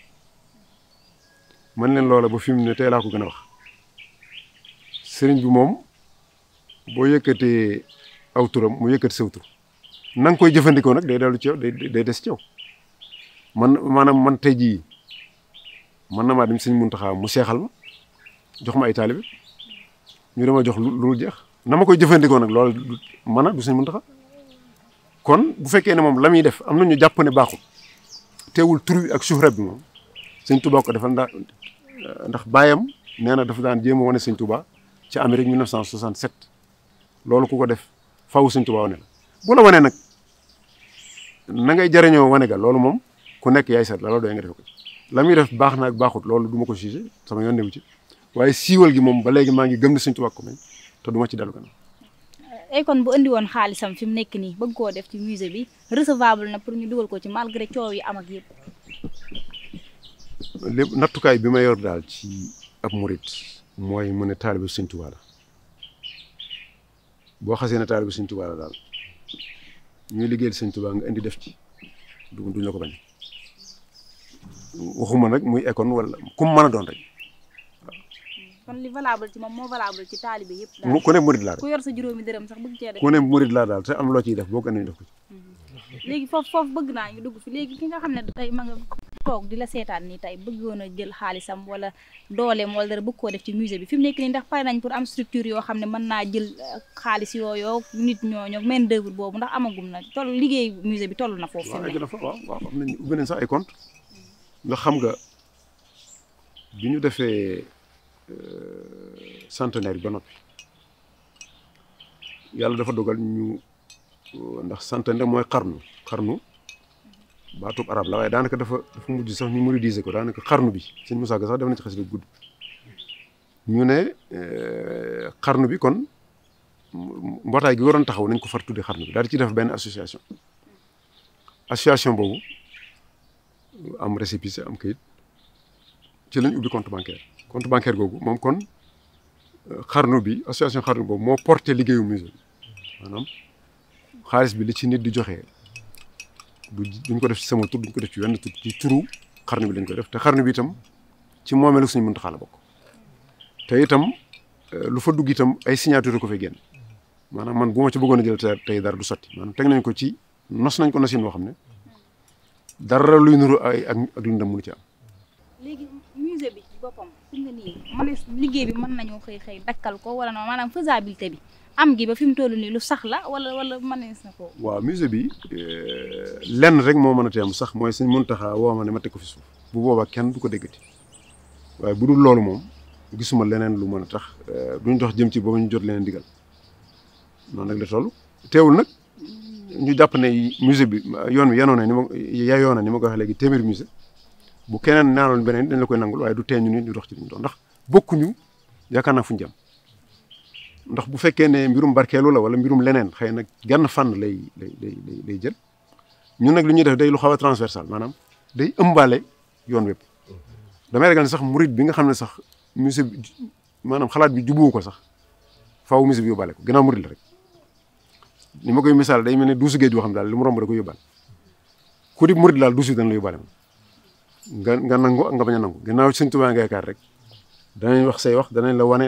[SPEAKER 3] man leen loola ba fi mu ne tey laa ko gën a wax bi moom boo yëkkatee aw turam mu yëkkati saw nang koy jëfandikoo nag day dellu ci yow day des ci yow man maanaam man tey jii man na maa dem sëñ Muntaxa mu seexal ma jox ma ay bi ñu dama jox lu jeex na ma koy jëfandikoo nag loolu man a du sëñ Muntaxa kon bu fekkee ne moom la muy def am na ñu jàpp ne baaxul teewul tur bi ak suhra bi moom sëñ Touba ko defal ndax ndax baayam nee na dafa daan jéem a wane sëñ Touba ci Amérique 1967. loolu ku ko def faw Sëñ Tuubaa wane la bu la wane nag na ngay jariñoo wane ga loolu moom ku nekk yaay seet la loolu doy nga def ko la muy def baax na ak baaxut loolu du ma ko jugé sama yoon newu ci waaye siiwal gi moom ba léegi maa ngi gëm ne Sëñ Tuubaa ko may te duma ma ci dalu gannaaw.
[SPEAKER 2] Akon eh, bu andi woon xaalisam fi mu nekk nii bëgg koo def ci musée bi recevable na pour ñu dugal ko ci malgré coow yi am ak yëpp.
[SPEAKER 3] lépp nattukaay bi ma yor daal ci ab murit mooy mu ne taalibu Sëñ Tuubaa la boo xasee na taal bi sëñ Tuubaa la daal ñuy liggéeyal sëñ Tuubaa nga indi def ci du duñ la ko bañ waxuma rek muy école wala kum mën a doon rek.
[SPEAKER 2] kon li valable ci moom moo valable ci taalibe yëpp. daal ku ne murid laa ku yor sa juróomi sax bëgg cee ne
[SPEAKER 3] murid laa daal te am loo ciy def boo ko nee def ko ci.
[SPEAKER 2] Mm-hmm. léegi foofu foofu bëgg naa ñu dugg fi léegi ki nga xam ne tey ma nga toog di la seetaan nii tey bëggoon a jël xaalisam wala dooleem wala dara bëgg koo def ci musée bi fi mu nekk nii ndax pare nañ pour am structure yoo xam ne mën naa jël euh, xaalis yooyu nit ñooñu main d'œuvre boobu ndax amagum na toll liggéey musée bi toll na foofu. fi mu nekk
[SPEAKER 3] waaw waaw am nañ ubbi nañ sax ay compte nga xam nga bi ñu defee euh, centenaire bi ba noppi yàlla dafa dogal ñu euh, ndax centenaire mooy xarnu xarnu. baatub arab la waaye daanaka dafa dafa mujj sax ñu muridise ko daanaka xarnu bi sëñ Moussa Ka sax def na ci xasida gudd ñu ne euh, nu bi kon mbootaay gi waroon taxaw nañ ko far tudde xarnu bi daal di ci def benn association association boobu am récépissé am kayit ci lañ ubbi compte bancaire compte bancaire googu moom kon euh, xarnu bi association xarnu boobu moo porté liggéeyu musée maanaam xaalis bi li ci nit di joxe du duñ ko def ci sama tur duñ ko def ci wenn tur ci turu xarnu bi lañ ko def te xarnu bi tam ci moomeelu suñu muntaxaa xaala bokk te itam euh, lu fa dugg tam ay signature ko fay génn maanaam man bu ma ci bëggoon a jël te dara du sotti maanaam teg nañ ko ci nos nañ ko nosin boo xam ne dara luy nuru ay ak ak lu ndam mënu ci am.
[SPEAKER 2] léegi musée bi mën nañoo xëy xëy dakkal ko wala non maanaam faisabilité bi. am gi ba fi mu toll nii lu sax la wala wala man na ko.
[SPEAKER 3] waaw musée bi euh, lenn rek moo mën a teem sax mooy sëñ Muntaxa woo ma ne ma te ko fi suuf bu boobaa kenn du ko déggati waaye bu dul loolu moom gisuma leneen lu mën a tax euh, duñ dox jëm ci ba ñu jot leneen digal noonu rek la toll teewul nag ñu jàpp ne musée bi yoon wi yanoo na ni ma yoon na ni ma ko waxee léegi téeméer musée bu keneen naanoon beneen koy nangul waaye du tee ñu nit ñu dox ci li ñu dox ndax bokkuñu yaakaar naa fu ñu jëm ndax bu fekkee ne mbirum barkeelu la wala mbirum leneen xëy nag gann fànn lay lay lay jël ñun nag lu ñuy def day lu xaw a transversal maanaam day ëmbaale yoon wépp damay ragal ne sax murit bi nga xam ne sax musique maanaam xalaat bi jubóo ko sax faaw musique bi yóbbaale ko gannaaw murit la rek ni ma koy misaal day mel ne duusu géej yoo xam ne daal li mu romb da ko yóbbaale ku di murit daal duusu bi dana la yóbbaale nga nga nangu nga bañ a nangu gannaaw Sëñ Tuubaa nga yaakaar rek danañ wax danañ la wane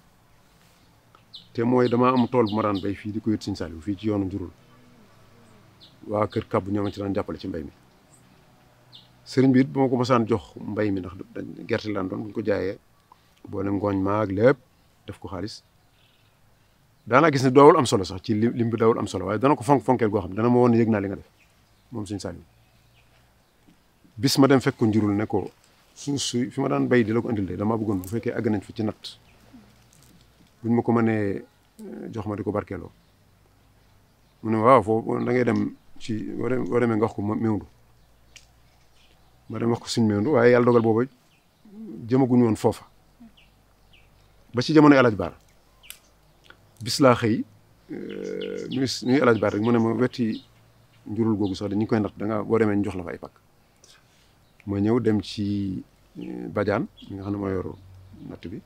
[SPEAKER 3] te mooy damaa am tool bu ma daan bay fii di ko yët Sëñ Saaliw fii ci yoonu njurul waa kër kàbb ñoo ma ci daan jàppale ci mbay mi sëriñ bi it ma ko masaan jox mbay mi ndax gerte laan doon buñ ko jaayee boole ngooñ maak lépp def ko xaalis dana gis ne doowul am solo sax ci lim bi doowul am solo waaye dana ko fonk fonkeel goo xam ne dana ma woon ne yëg naa li nga def moom Sëñ Saaliw bis ma dem fekk ko njurul ne ko suuf si fi ma daan béy di la ko indil de bu fekkee àgg nañ fa ci natt buñ ma ko mënee euh, jox ma di ko barkeeloo mu ne waaw foofu da ngay dem ci boo demee nga wax ko mewndu ma dem wax ko suñ mewndu waaye yàlla dogal booba jëmaguñu woon foofa ba ci jamono alaj baar bis laa xëy euh, ñuy ñuy alaj baar rek mu ne ma wetti njurul googu sax dañu koy nat da nga boo demee ñu jox la fa ay pakk moo ñëw dem ci euh, bajaan mi nga xam ne moo yor natt bi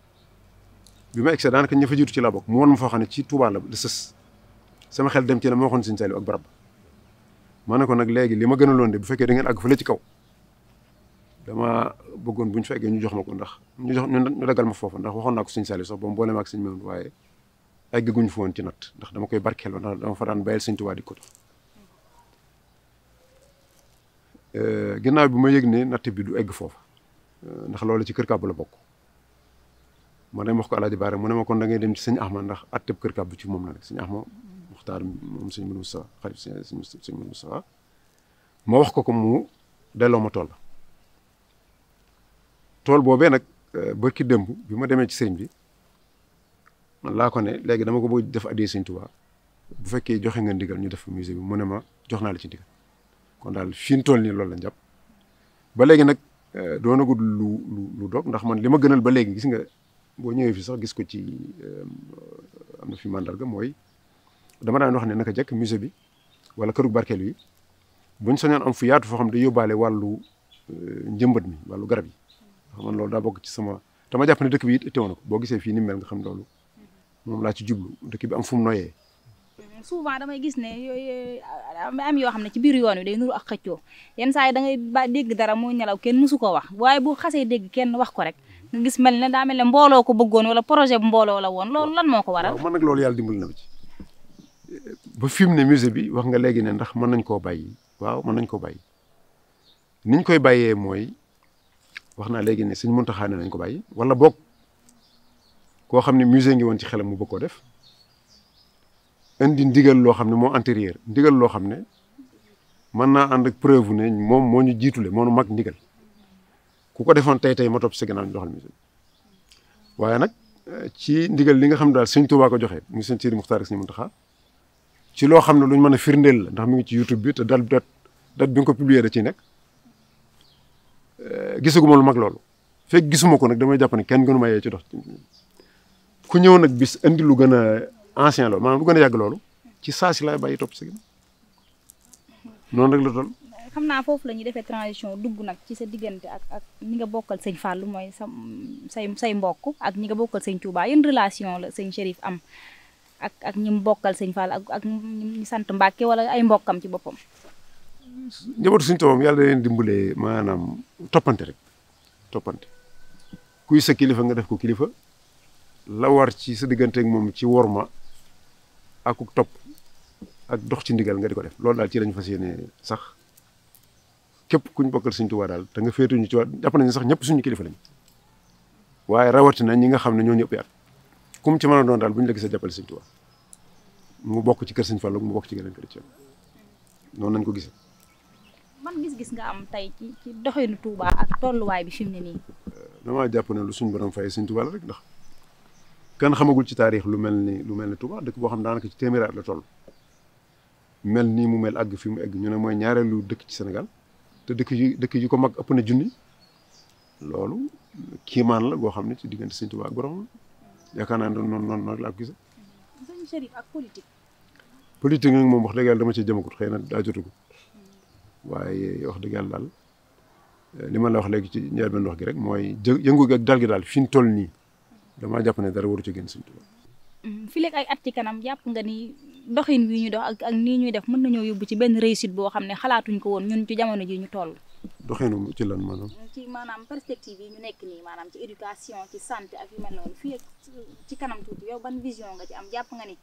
[SPEAKER 3] bima ma egsi daanaka ña fa jiitu ci laa bokk mu won ma foo xam ci Touba la la sës sama xel dem ci la ma waxoon Sëñ Saliou ak barab ma ne ko nag léegi li de bu fekkee da ngeen àgg fële ci kaw dama bëggoon bu ñu fekkee ñu jox ma ko ndax ñu jox ñu dagal ma foofu ndax waxoon naa ko Sëñ Saliou sax ba mu boole ma Mamadou waaye egg guñ fa woon ci nat ndax dama koy barkeeloo ndax dama fa daan bayal Sëñ Touba di ko ginnaaw bi ma yëg ne bi du egg foofu ndax loolu ci kër kàbb la bokk ma dem wax ko Alaaji Baare mu ne ma kon da ngay dem ci sëñ Axma ndax atteb kër kàbbu ci moom la rek sëñ Axma Muxtaar moom sëñ Muru Musaa xarit sëñ sëñ Muru Musaa ma wax ko ko mu delloo ma tool tool boobee nag euh, bërki démb bi ma demee ci sëñ bi man laa ko ne léegi dama ko bëgg def addee sëñ Tuubaa bu fekkee joxe nga ndigal ñu def musée bi mu ne ma jox naa la ci ndigal kon daal fi mu toll nii loolu la jàpp ba léegi nag euh, doonagul lu lu lu dog ndax man li ma gënal ba léegi gis nga boo ñëwee fi sax gis ko ci euh, am na fi mandarga mooy dama daan wax ne naka jekk musée bi wala këru barkeel yi buñ sañoon am fu yaatu foo xam ne day yóbbaale wàllu euh, njëmbat mi wàllu garab yi. xam man loolu daa bokk ci sama dama jàpp ne dëkk bi boo gisee fii ni mel xam loolu moom laa ci jublu dëkk bi am fu mu noyee.
[SPEAKER 2] souvent damay gis ne am yoo xam ne ci biir yoon wi day nuru ak xëccoo yenn saa yi da ngay ba dégg dara mu ñelaw kenn mësu ko wax waaye bu xasee dégg kenn wax ko rek. nga gis mel ne daa mel ne mbooloo ko bëggoon wala projet bu mbooloo la woon loolu lan moo ko waral. waaw man nag
[SPEAKER 3] loolu yàlla dimbali na ma ci ba fi mu ne musée bi wax nga léegi ne ndax mën nañ koo bàyyi waaw mën nañ koo bàyyi niñ koy bàyyee mooy wax naa léegi ne suñ muntaxaan nañ ko bàyyi wala boog koo xam ne musée ngi woon ci xelam mu bëgg koo def indi ndigal loo xam ne moo antérieur ndigal loo xam ne mën naa ànd ak preuve ne moom moo ñu jiitule moo ñu mag ndigal. ku ko defoon tay tey ma topp sa ñu doxal mi waye nak eh, ci ndigal li nga xam dal seigne touba ko joxe mu seigne sëñ Sidi Muxtaar muntaha ci lo xamne luñu mëna firndel ndax mi ngi ci YouTube bi te dal dot dat bi nga ko publier da ciy nekk eh, gisaguma lu mag lolu fek gisumako nak damay japp ni kenn gënu ma ci dox ku ñew nak bis andi lu gëna ancien loolu maanaam lu gëna yag lolu ci saa lay laay top signal non rek la toll
[SPEAKER 2] xam naa foofu la defe defee transition dugg nag ci sa diggante ak ak ñi nga bokkal sëñ Fallou mooy sa say say mbokk ak ñi nga bokkal sëñ Touba yéen relation la sëñ Chérif am ak ñi mu bokkal sëñ Fallou ak ak ñi sant Mbàkke wala ay mbokkam ci boppam.
[SPEAKER 3] njabootu sëñ Touba moom yàlla da leen dimbalee maanaam toppante rek toppante kuy sa kilifa nga def ko kilifa la war ci sa diggante moom ci worma akuk topp ak dox ci ndigal nga di ko def loolu daal ci lañ fa yéene sax. képp kuñ bokkal suñ Tuubaa daal te nga féetuñu ci waat jàpp nañu sax ñëpp suñu kilifa lañ waaye rawatina ñi nga xam ne ñoo ñëpp at kum ci mën a doon daal bu ñu la gisee jàppale suñ Tuubaa mu bokk ci kër Sëñ Fallu mu bokk ci geneen kër ci noonu nañ ko gisee.
[SPEAKER 2] man gis-gis nga am tey ci ci doxinu Touba ak tolluwaay bi fi mu nii.
[SPEAKER 3] damaa jàpp ne lu suñ borom fay suñ Touba la rek ndax kan xamagul ci taarix lu mel ni lu mel ni Touba dëkk boo xam daanaka ci téeméeri la toll mel nii mu mel àgg fi mu egg ñu ne mooy ñaareelu dëkk ci Sénégal te dëkk yu dëkk yu ko mag ëpp na junni loolu kiimaan la boo xam ne ci diggante Sëñ Tuubaa ak borom yaakaar naa ne noonu noonu laa ko gisee.
[SPEAKER 2] sëñ ak politique.
[SPEAKER 3] politique nag moom wax dëgg dama ci jëmagut xëy na daa jotagut waaye wax dëgg yàlla daal eh, li ma la wax léegi ci ñaar benn wax gi rek mooy jë yëngu gi ak dal daal fi ñu toll nii damaa jàpp ne dara waru ci génn Sëñ
[SPEAKER 2] doxin wi ñuy dox ak ak nii ñuy def mën nañoo yóbbu ci benn réussite boo xam ne xalaatuñ ko woon ñun ci jamono ji ñu toll.
[SPEAKER 3] doxinu ci lan maanaam.
[SPEAKER 2] ci maanaam perspective yi ñu nekk nii maanaam ci éducation ci santé ak yu mel noonu fii ci kanam tuuti nga am jàpp nga ni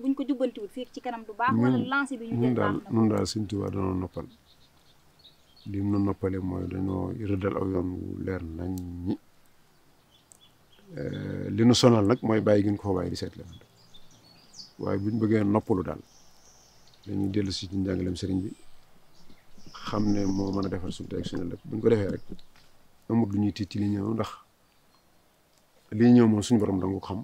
[SPEAKER 2] buñ ko jubbantiwul fii ci kanam du baax. wala lancé bi ñu jël baax na
[SPEAKER 3] daal suñu tubaab dañoo noppal li mu noppalee mooy dañoo rëddal aw yoon leer nañ eh, li nu sonal nag mooy bàyyi gi ko fa bàyyi di seet leen. waaye buñ bëggee noppalu daal dañuy dellu si ci njàngaleem sëriñ bi xam ne moo mën a defar suñu tey ak suñu lépp buñ ko defee rek amut lu ñuy tiit ci li ñëw ndax li ñëw moom suñu borom da nga ko xam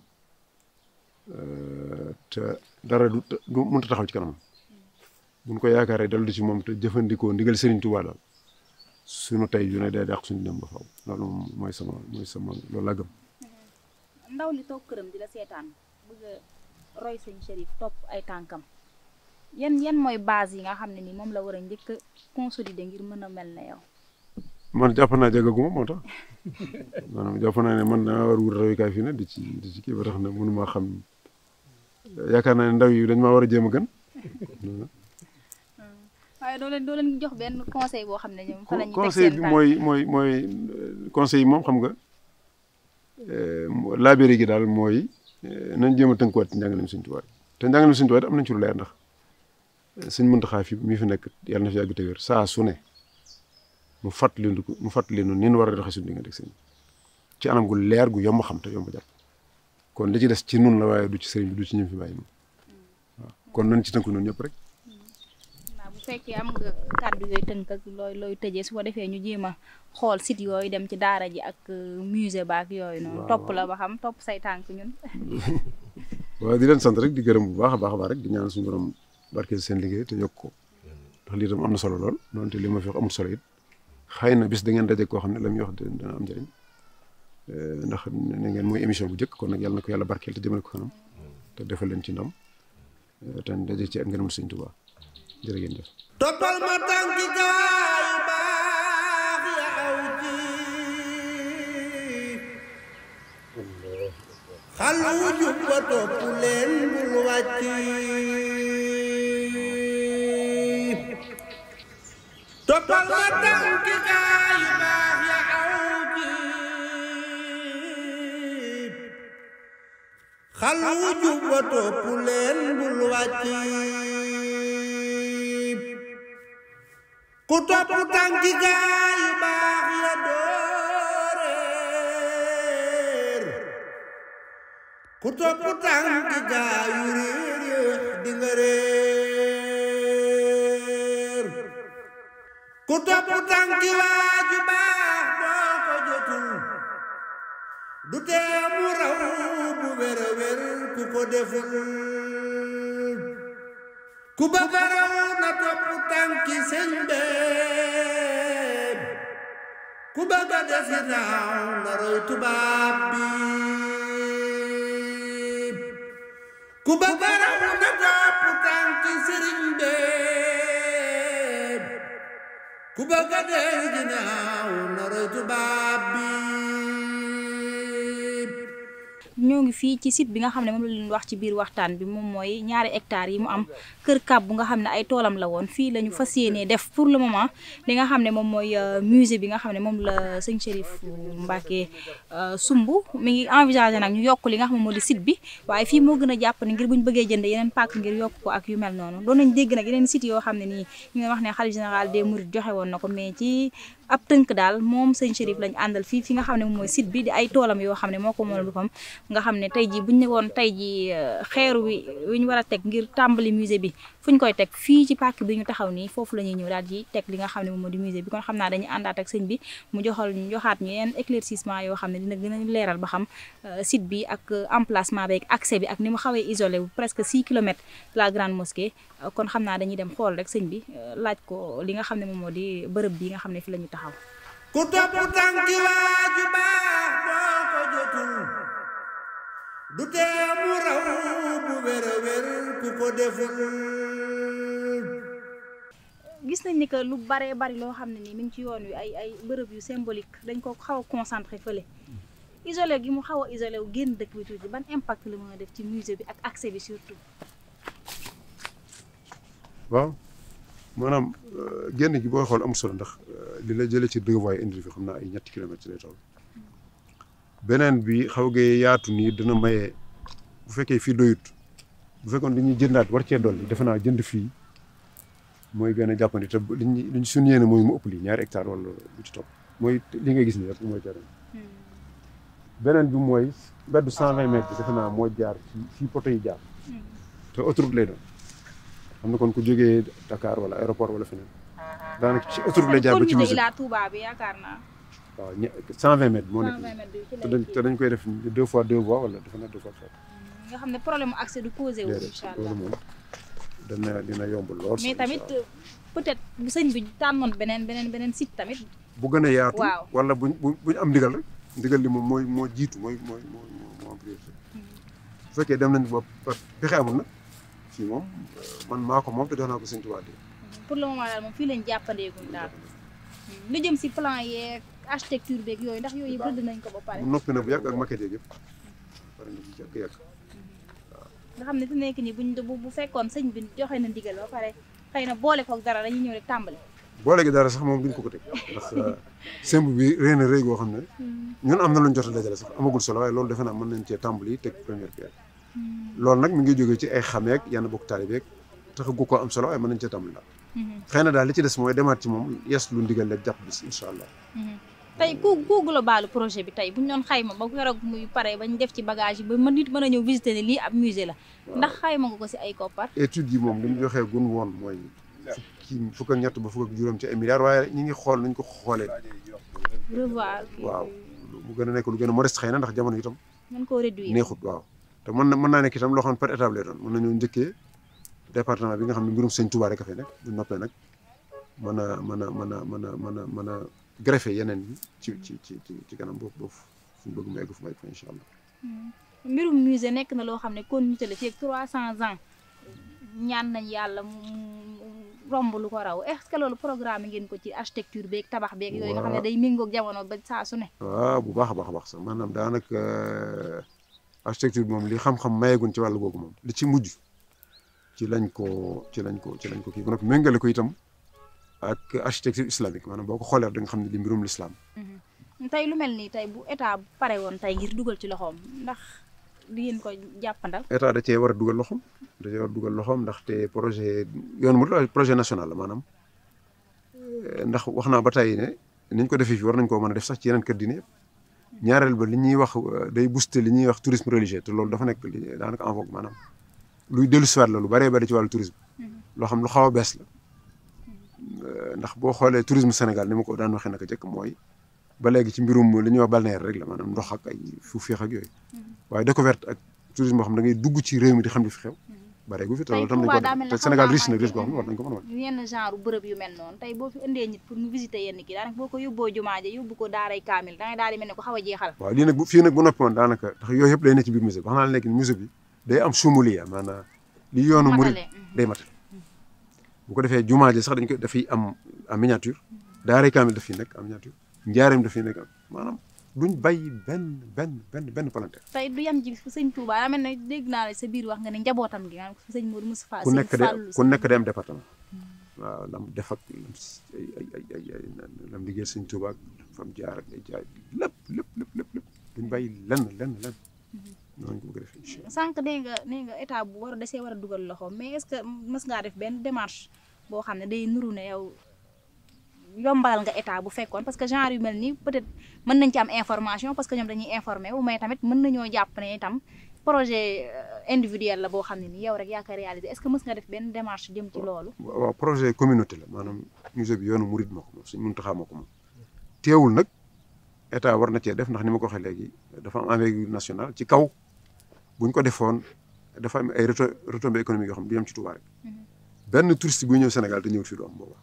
[SPEAKER 3] te dara du du mënta taxaw ci kanam buñ ko yaakaaree dellu ci moom te jëfandikoo ndigal sëriñ tuba daal suñu tey ju ne day dàq suñu dem ba faw loolu mooy sama mooy sama loolu la gëm.
[SPEAKER 2] ndaw li toog këram di la seetaan bëgg roy sëñ Chérif topp ay tànkam yan yan mooy base yi nga xam ne nii moom la war a njëkk a consolider ngir mën a mel na yow.
[SPEAKER 3] man jàpp naa jagaguma moo tax maanaam naa ne man dama war wut royukaay fii ne di ci di ci kii ba tax na mënuma xam yaakaar naa ne ndaw yi dañ maa war a jéem a gën.
[SPEAKER 2] waaye doo leen jox benn conseil boo xam ne ñoom fa la ñuy teg conseil mooy
[SPEAKER 3] mooy mooy conseil yi moom xam nga eh, laabéri gi daal mooy. Eh, nañ jéem a tënkuwaat ci njàngaleem Sëñ Tuubaa te njàngaleem Sëñ Tuubaa am nañ ci lu leer ndax Sëñ Muntaxaa fi mi fi nekk yàlla na fi yàgg te wér saa su ne mu fàttali leen mu fàttali leen nin war a doxee suñu diggante ak sëñ ci anam gu leer gu yomb xam te yomb jàpp kon li ci des ci nun la waaye du ci sëriñ bi du ci ñim fi bàyyi moom kon nañ ci tënku noonu ñëpp rek
[SPEAKER 2] fekkee am nga kàddu yooyu tënk ak looy su ko defee ñu jéem a xool site dem ci daara ji ak euh, musée baak yooyu noonu topp la ba xam topp say tànk ñun
[SPEAKER 3] di leen sant rek di gërëm bu baax baax baax rek di ñaan suñu borom barkeel seen liggéey te ko ndax lii tam am na solo lool donte li ma fi wax solo it xëy na bis da ngeen daje koo xam ne la muy wax dana am njëriñ euh, ndax ne ngeen mooy émission bu njëkk kon nag yàlla na ko yàlla barkeel te jëmale ko kanam te defal leen ci ndam euh, te daje ci ak ngërëmul Sëñ Tuubaa jërë ma
[SPEAKER 1] tànki jaayu baax ya aw ku topp tànki gaay baax ya dooreer ku topp tànki gaay yu réer yéex dinga réer ku topp tànki waa baax boo jotul du tee mu raw bu ku ko deful ku bëgg a raw na topp tànki sëñ beeb ku bëgg a desi naaw na roy tubaab bi ku bëgg a raw na topp tànki sëriñ beeb ku bëgg a desi naaw na roy tubaab bi
[SPEAKER 2] ñoo ngi fii ci site bi nga xam ne moom la leen wax ci biir waxtaan bi moom mooy ñaari hectares yi mu am kër kab bu nga xam ne ay toolam la woon fii la ñu fas yéenee def pour le moment li nga xam ne moom mooy euh, musée bi nga xam ne moom la sëñ Chérif Mbacké euh, sumb mi ngi envisagé nag yokk li nga xam moo di site bi waaye fii moo gën a jàpp ne ngir buñ bëggee jënd yeneen pàkk ngir yokk ko ak yu mel noonu doon nañ dégg nag yeneen site yoo xam ne nii ñu ngi wax ne xalif général des mourides joxe woon na ko mais ci ab tënk daal moom sëñ Chérif lañ àndal fii fi nga xam ne moom mooy site bi di ay toolam yoo xam ne moo ko moom nga xam ne tey ji buñ ne woon tey ji euh, xeeru wi wiñ war a teg ngir tàmbali musée bi bi fu ñu koy teg fii ci parc bi ñu taxaw nii foofu la ñuy ñëw daal di teg li nga xam ne moom moo di musée bi kon xam naa dañuy àndaat ak sëñ bi mu joxal ñu joxaat ñu yenn yoo xam ne dina gën a leeral ba xam euh, site bi ak euh, emplacement beeg accès bi ak ni mu xawee isolé wu presque 6 kilomètres la grande mosquée euh, kon xam naa dañuy dem xool rek sëñ bi laaj ko li nga xam ne moom moo di bërëb bi nga xam ne fi la ñu taxaw ku topp tànki waaju baax boo du teemu raw
[SPEAKER 1] bu ko deful
[SPEAKER 2] gis nañ ni que lu baree bari loo xam ne ni mi ngi ci yoon wi ay ay bërëb yu symbolique dañ ko xaw a concentré fële isolé gi mu xaw a isolé wu génn dëkk bi tuuti ban impact la mën a def ci musée bi ak accès bi surtout
[SPEAKER 3] waaw maanaam euh, génn boo xool am solo ndax euh, li la jëlee ci deux voies indi fi xam naa ay ñetti kilomètres lay toll beneen bi xaw gee yaatu nii dina maye bu fekkee fii doyut bu fekkoon dañuy jëndaat war cee dolli defe naa jënd fii mooy gën a jàppandi liñ liñ suñu yéene mooy mu ëpp lii ñaari hectare wala lu ci topp li nga gis nii mooy terrain hmm. beneen bi mooy mbeddu ah. cent vingt mètres naa mooy jaar fii fii poto yi hmm. te autoroute lay doon xam na kon ku jógee Dakar wala aéroport wala feneen ah, ah, daanaka ci autoroute lay jaar ba ci
[SPEAKER 2] musique waaw ña cent vingt mètres moo nekk te
[SPEAKER 3] dañ koy def deux fois deux voies wala dafa nekk deux fois trois.
[SPEAKER 2] Mm, nga xam ne problème mu accès du posé wu. incha allah
[SPEAKER 3] loolu dina yomb lool. mais tamit euh,
[SPEAKER 2] peut-être bu sëñ bi tànnoon beneen beneen beneen site
[SPEAKER 3] bu gën a yaatu. waaw wala bu bu am ndigal rek. ndigal li moom mooy moo jiitu mooy mooy moo moo am priorité. Mm. nañ ba pexe amul nag fii moom euh, man moom te jox naa ko sëñ Tuubaa mm,
[SPEAKER 2] pour le moment daal moom fii lañ jàppandeegum daal. lu jëm si plan yeeg. architecture beeg yooyu ndax yooyu rëdd nañ ko ba pare. noppi
[SPEAKER 3] na bu yàgg ak maquette yeeg yëpp pare na yàgg yàgg waaw.
[SPEAKER 2] nga xam ne fi nekk nii buñ bu fekkoon sëñ bi joxe na ndigal ba pare xëy na boole ko ko
[SPEAKER 3] teg ndax euh, bi rëy na rëy goo xam ne hmm. ñun am na luñ jot a dajale solo waaye loolu defe naa mën nañ cee tàmbali teg hmm. loolu nag mi ngi jógee ci ay xameek yenn bokk taalibeek tax a gu ko am solo ay mën nañ cee tàmbali daal. Hmm. xëy na daal li ci des mooy demaat ci moom yes lu ndigal rek jàpp bis incha allah.
[SPEAKER 2] tey ku ku globalu projet bi tey bu ñu doon xayma ba keroog muy pare bañ def ci bagage yi ba mën nit mën a ñëw visiter ne lii ab musée la ndax xayma nga ko si ay koppar.
[SPEAKER 3] étude moom li ñu joxee gun woon mooy fukki fukk ñett ba fukk juróom ci ay waaye ñu ngi xool nañ ko xoolee. waaw mu gën lu gën a modeste na ndax jamono itam.
[SPEAKER 2] mën neexut
[SPEAKER 3] waaw. te mën na mën naa nekk itam loo xam par étape lay doon mën nañoo njëkkee département bi nga xam ne mbirum Sëñ Touba rek a fay nekk bu noppee nag mën a mën a mën a mën a mën a greffé yeneen yi ci ci ci ci kanam boobu boobu fu mu
[SPEAKER 2] bëgg mu egg fu mu egg incha allah. Hmm. mbirum musée nekk na loo xam ne kon continuité la ci 300 ans ñaan nañ yàlla mu romb lu ko raw est-ce que loolu programme ngeen ko ci architecture beeg tabax beeg. yooyu nga xam ne day méngoog jamono ba saa su ne.
[SPEAKER 3] bu baax a baax a baax sax maanaam daanaka euh, architecture moom li xam-xam mayeegun ci wàllu googu moom li ci mujj ci lañ ko ci lañ ko ci lañ ko kii bu noppi méngale ko itam. ak architecture islamique maanaam boo ko xoolee da nga xam ne li mbirum lislaam
[SPEAKER 2] mhm. tey lu mel nii tey bu état pare woon tey ngir dugal ci loxoom ndax di ngeen ko jàppandal.
[SPEAKER 3] état da cee war dugal loxoom da cee dugal loxoom ndaxte projet yoon mu projet national la maanaam eh, ndax wax naa ba tey ne niñ ko defee fi war nañ koo mën a def sax ci yeneen kër diine li ñuy wax euh, day booster li ñuy wax tourisme religieux te loolu dafa nekk daanaka en vogue maanaam luy dellu si waat la lu bëree bëri ci wàllu tourisme mhm. loo xam lu xaw a bees la. ndax boo xoolee tourisme Sénégal ni ma ko daan waxee naka jëkk mooy ba léegi ci mbirum li ñuy wax balnéaire rek la maanaam ndox ak ay fu féex ak yooyu waaye découverte ak tourisme boo xam da ngay dugg ci réew mi di xam li fi xew bare gu fi te tam dañ ko Sénégal riche na riche boo xam ne war nañ ko mën wax
[SPEAKER 2] wane yenn genre bërëb yu mel noonu tey boo fi indee nit pour ñu visiter yenn kii daanaka boo ko yóbboo jumaaje yóbbu ko daaray kaamil da ngay daal di mel ne ko xaw a jeexal waaw lii
[SPEAKER 3] nag bu fii nag bu noppi woon daanaka ndax yooyu yëpp day ne ci biir musée bi wax naa la nekk musée bi day am sumuliya maanaam li yoonu murid day matal bu ko defé jumaa ji sax dañ ko dafay am en miniature daara kamel daf fi nekk en miniature ndiaram daf fi nekk maanaam duñ bàyyi ben ben ben ben palanteer.
[SPEAKER 2] tay du yam ji fu sëñ Touba yaa melni deg na la sa bir wax nga ne njabotam gi maanaam sëñ Modou Moustapha. ku nek de ku nek de am
[SPEAKER 3] département. waaw lam def ak ay ay ay ay lam liggéey sëñ Touba fam jaar ak jaay lepp lepp lepp lepp duñ bàyyi lenn lenn lenn. noonu ko sànq
[SPEAKER 2] nee nga nee nga état bu war da see war a dugal loxo mais est-ce que mës ngaa def benn démarche boo xam ne day nuru ne yow yombal nga état bu fekkoon parce que genre yu mel nii peut-être mën nañ ci am information parce que ñoom dañuy informé wu mais tamit mën nañoo jàpp ne itam projet euh, individuel la boo xam ne nii yow rek yaa koy réalisé est-ce que mës nga def benn démarche jëm ci loolu.
[SPEAKER 3] waaw projet communauté la maanaam musée bi yoonu murid ma ko moom suñu Muntaxa ma ko moom teewul nag état war na cee def ndax ni ma ko léegi dafa am ci kaw. bu ñu ko defoon dafa am ay retombées économiques yoo xam ne du yem ci Touba rek mhm. benn touriste buy ñëw Sénégal te ñëwul fii du am booba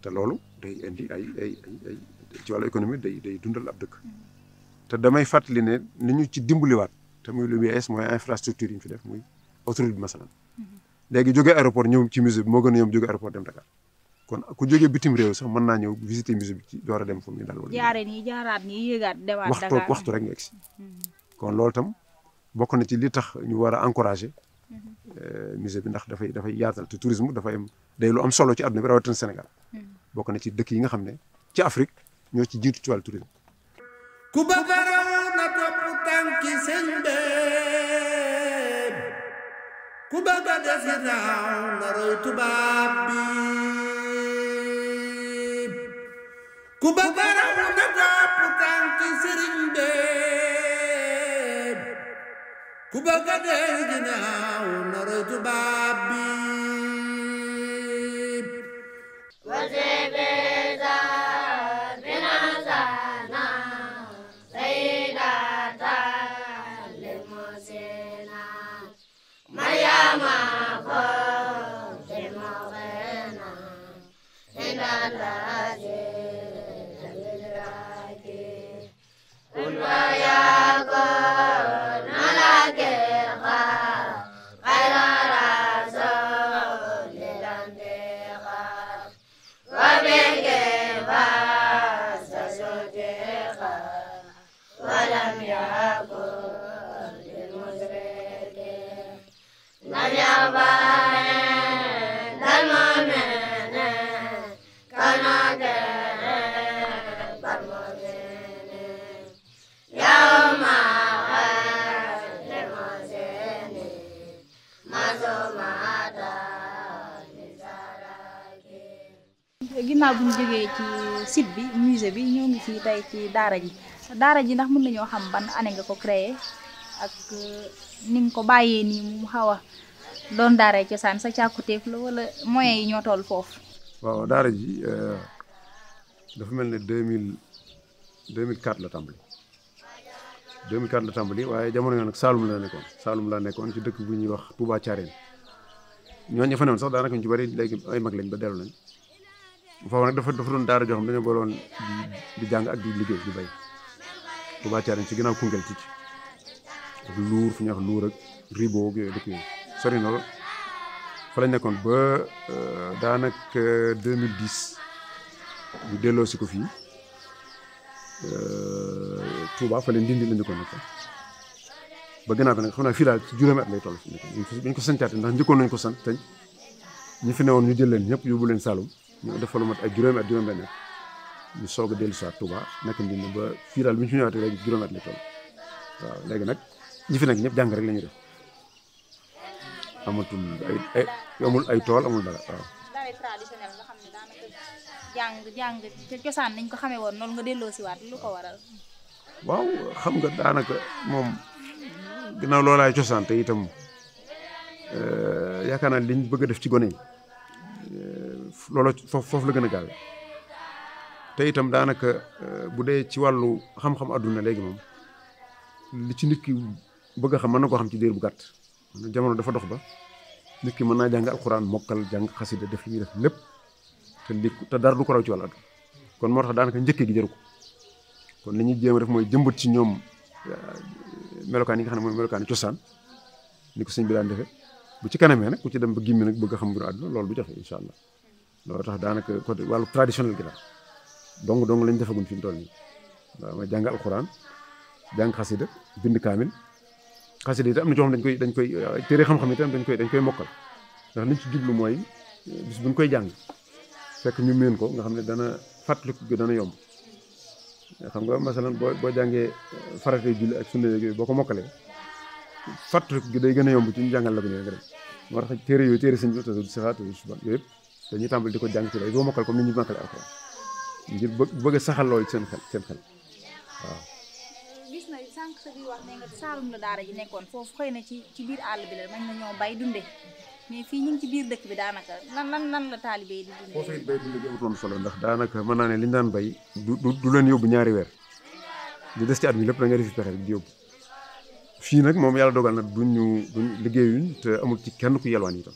[SPEAKER 3] te loolu day indi ay ay ay ci wàllu économie day day dundal ab dëkk te damay fàttali ne ni ñu ci dimbaliwaat te muy lu bees mooy infrastructure yi ñu fi def muy autoroute bi masalan mhm. léegi jóge aéroport ñëw ci musée bi moo gën a yomb jóge aéroport dem Dakar kon ku jóge bitim réew sax mën naa ñëw visiter musée bi ci door a dem fu mu ñu dal wala jaaree
[SPEAKER 2] nii jaaraat nii yéegaat
[SPEAKER 3] waxtu bokk na ci li tax ñu war a encourager mhm. euh, musée bi ndax dafay dafay yaatal te dafay am day lu am solo ci àdduna bi rawatina Sénégal mhm. bokk na ci dëkk yi nga xam ne ci Afrique ñoo ci jiitu ci wàllu tourisme
[SPEAKER 1] ku bagaral na topp tànki sëñ beeb ku bëgg a dee ginnaaw noro tubaab bi
[SPEAKER 2] ginnaaw bu ñu jógee ci site bi musée bi ñoo ngi fii tey ci daara ji daara ji ndax mën nañoo xam ban année nga ko créé ak ni ko bàyyee nii mu xaw a doon daara cosaan sa càkkutéef la wala moyens yi ñoo toll foofu.
[SPEAKER 3] waaw daara ji euh, dafa mel ne deux mille deux mille la tàmbali. 2004 la tàmbali waaye jamono yoo nag Saalum la nekkoon Saalum laa nekkoon ci dëkk bu ñuy wax Touba Thiarène ñooñu fa ne sax daanaka ñu ci bëri léegi ay mag lañ ba dellu lañ foofu nag dafa dafa doon daara joo xam dañoo di jàng ak di liggéey di bay Touba Thiarène ci ginnaaw Koungheul ci ak Lour fu ñuy wax Lour ak Ribo ak yooyu dëkk yooyu sori na lool fa lañ nekkoon ba euh, daanaka 2010 ñu delloo si ko fii Euh, fa Touba fële Ndindi la njëkkoon nekk ba gannaaw bi nag xam naa fii ci juróomi at lay toll fi ñu ko santaate ndax njëkkoon nañu ko sant teñ ñi fi newoon ñu jël leen ñëpp yóbbu leen Saloum ñu def fa lu mat ay juróomi at juróom soog a dellu si waat nekk bi ñu fi ñëwaatee rek juróomi at lay toll waaw nag ñi fi nekk ñëpp jàng rek lañuy ñuy def ay amul ay tool amul dara
[SPEAKER 2] jàng jàng ca cosaan nañ ko xamee woon noonu nga delloo si waat lu ko waral.
[SPEAKER 3] waaw xam nga daanaka moom ginnaaw loolaay cosaan te itam eh, yaakaar naa liñ bëgg a def ci gone yi eh, loola foofu la gën a gaaw te itam daanaka eh, bu dee ci wàllu xam-xam àdduna léegi moom li ci nit ki bëgg a xam mën na koo xam ci diir bu gàtt. jamono dafa dox ba nit ki mën naa jàng alxuraan mokkal jàng xasida def li muy def lépp. te di te dara du ko raw ci wàllu kon moo tax daanaka njëkk gi jëru kon li ñuy jéem a def mooy jëmbat ci ñoom euh, melokaan yi nga xam ne mooy melokaani cosaan ni ko sëñ bi daan defee bu ci kanamee nag ku ci dem ba gimmi nag bëgg a xam mbiru àdduna loolu du jafe incha allah loolu tax daanaka côté wàllu traditionnel gi daal dong dong lañ defagum fi mu toll ma jàng alxuraan jàng xasida bind kaamil xasida itam xam dañ koy dañ koy euh, xam-xam itam dañ koy dañ koy ndax ci euh, bis buñ koy fekk ñu meen ko nga xam ne dana fàttaliku gi dana yomb xam nga masalan boo boo jàngee uh, faratee julli ak sunna yooyu boo ko mokkalee fàttaliku gi day gën a yomb ci ñu jàngal la ko nii nga dem moo tax téere yooyu téere sëñ bi te du sixaat te du suba yooyu yëpp dañuy tàmbali di ko jàng ci day boo mokkal comme ni ñu mokkale alxuraan ngir bëgg a saxal loolu seen xel seen xel waaw
[SPEAKER 2] gis na sànq sa biir wax ne nga saalum la daara ji nekkoon foofu xëy na ci ci biir àll bi la mën nañoo bay dundee mais fii ñu ci biir dëkk bi daanaka nan nan la taalibe di dundee.
[SPEAKER 3] solo ndax daanaka mën naa ne li daan bay du du leen yóbbu ñaari weer di des ci at mi lépp da nga defi pexe rek di yóbbu fii nag moom yàlla dogal na duñu duñ liggéeyuñ te amul ci kenn ku yelwaan itam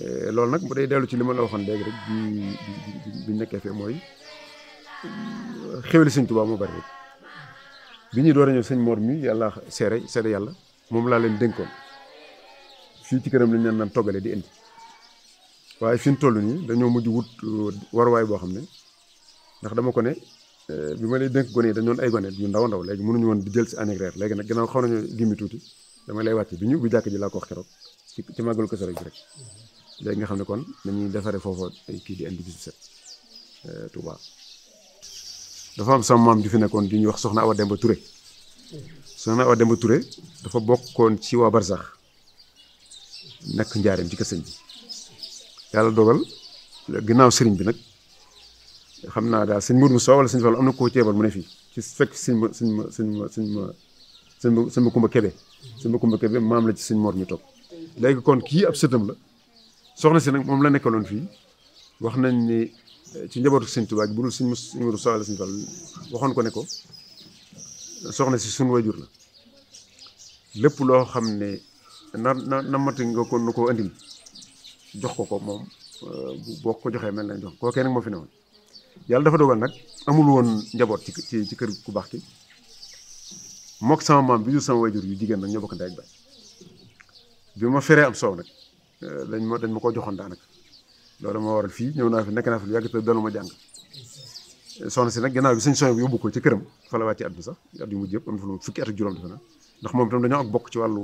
[SPEAKER 3] eh, loolu nag bu day dellu ci li ma la waxoon duñ rek nekkee fee mooy xéwli sëñ Tuubaa moo bari rek bi ñuy door a ñëw sëñ Mor mi yàlla seere seere yàlla moom laa leen dénkoon. fii ci këram lañ leen naan toggale di indi waaye fi mu toll nii dañoo mujj wut uh, waruwaay boo xam ne ndax dama ko ne uh, bi ma lay denk gone yi dañoon ay gone yu ndaw ndaw léegi mënuñu woon di jël si en agraire léegi nag gannaaw xaw nañu gimmi tuuti dama lay wàcc bi ñu bi jàkk ji laa ko wax keroog ci ci màggalu Kazu rek léegi nga xam ne kon dañuy defaree foofa kii di indi bis bu set uh, Touba dafa am sama maam ju fi nekkoon di ñuy wax Soxna Awa Demba ture Soxna Awa Demba Touré dafa bokkoon ci waa sax nekk njaareem ci kër bi yàlla dogal ginnaaw sëriñ bi nag xam naa daal sëñ Mourou Moussa wala sëñ am na koo ceebal mu ne fii ci fekk sëñ ma sëñ ma sëñ ma sëñ ma sëñ ma sëñ ma Kumba Kebe la ci sëñ Mor mi toog léegi kii ab sëtam la soxna si nag moom la nekkaloon fii wax nañ ni eh, ci njabootu sëñ Tuubaa gi bu dul sëñ Mourou Moussa wala sëñ Fall waxoon ko ne ko soxna si suñu wajur la lépp loo xam ne na na namati nga ko nu ko andil jox ko ko moom euh, boo ko joxee mel nañ jox ko kenn moo fi newoon yàlla dafa dogal nag amul woon njaboot ci ci kër ku baax ki mook sama maam bi jur sama wayjur jigéen nag ñoo bokk ndey ak baay bi nag dañ euh, ma dañ ma koo joxoon daanaka loolu moo waral fii ñëw naa fi nekk naa fi lu yàgg te dalu ma jàng soxna si nag gannaaw bi suñ soñ bi yóbbu ko ci këram fa la wàcce at bi sax at yu mujj yëpp am na fa fukki at juróom defe naa ndax moom itam dañoo ak bokk ci wàllu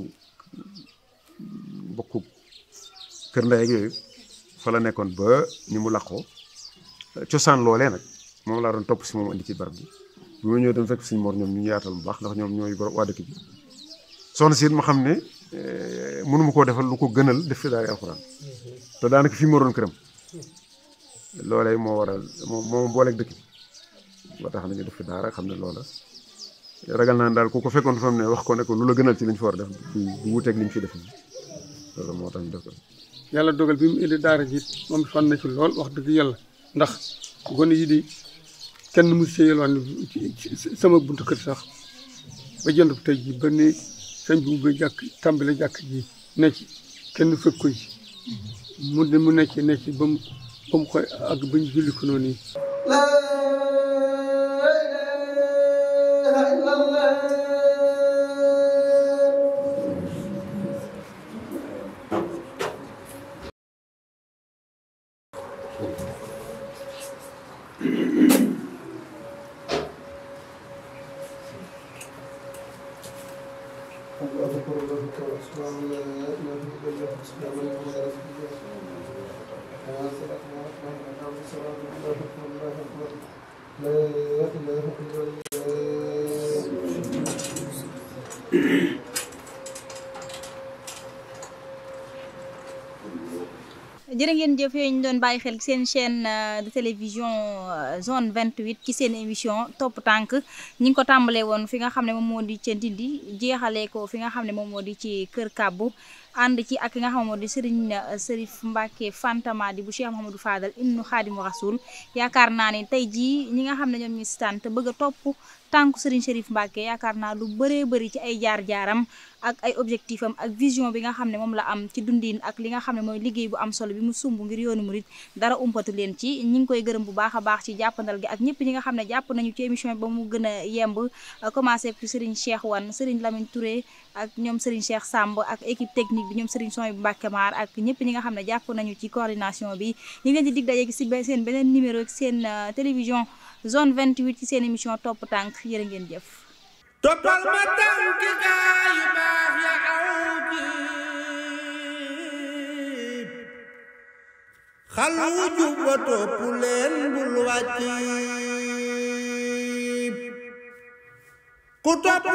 [SPEAKER 3] mbokku kër ndey ak yooyu fa la nekkoon ba ni mu làqoo cosaan loolee nag moom laa doon topp si moom indi ci barab bi bi ma ñëwee dem fekk suñ mor ñoom ñu yaatal bu baax ndax ñoom ñooy borom waa dëkk bi soxna si ma xam ne mënuma koo defal lu ko gënal def fi daal alxuraan te daanaka fi ma doon këram loolee moo waral moo moo booleeg dëkk bi ba tax na ñu def fi daara xam ne loola ragal naa daal ku ko fekkoon fam ne wax ko ne ko lu la gënal ci liñ fi war a def bu wuuteeg liñ fi def nii loolu moo tax ñu def ko yàlla dogal bi mu indi daara ji moom sonn na ci lool wax dëgg yàlla ndax gone yi di kenn mu séyalwaan sama bunt kër sax ba jënd tey ji ba ne sëñ bi ubbi jàkk tàmbale jàkk ji ne kenn fekk ko ci mu ne mu nekk ne ba mu ba mu koy ak ba ñu ko noonu
[SPEAKER 2] jëf yooyu ñu doon bàyyi xel seen chaîne euh, de télévision euh, zone vingt 28 ci seen émission topp tànk ñi ngi ko tàmbalee woon fi nga xam ne moom moo di ca Ndindi jeexalee ko fi nga xam ne moom moo di ci Kër Kàbbu ànd ci ak ki nga xam moo di Serigne euh, Serif Mbacke Fantama di bu Cheikh Mouhamadou Fadal ibnu Xaadimu Rasul yaakaar naa ni tey jii ñi nga xam ne ñoom ñu si te bëgg topp tànku Serigne Serif Mbacke yaakaar naa lu bëree bëri ci ay jaar-jaaram. ak ay objectif ak vision bi nga xam ne moom la am ci dundin ak li nga xam ne mooy liggéey bu am solo bi mu sumb ngir yoonu murit dara umpatu leen ci ñi ngi koy gërëm bu baax a baax ci jàppandal ak ñëpp ñi nga xam ne jàpp nañu ci émission ba mu gën a yemb commencé ci Serigne Cheikh Wane Serigne Lamine Touré ak ñoom Serigne Cheikh Samb ak équipe technique bi ñoom Serigne Soy Mbacke Mar ak ñëpp ñi nga xam ne jàpp nañu ci coordination bi ñu ngi si seen beneen numéro ak seen euh, télévision zone 28 ci seen émission topp tank yërë ngeen jëf
[SPEAKER 1] toppal ma tànki gaa yu baax ya aw
[SPEAKER 4] jiib
[SPEAKER 1] xal wu jub
[SPEAKER 4] wa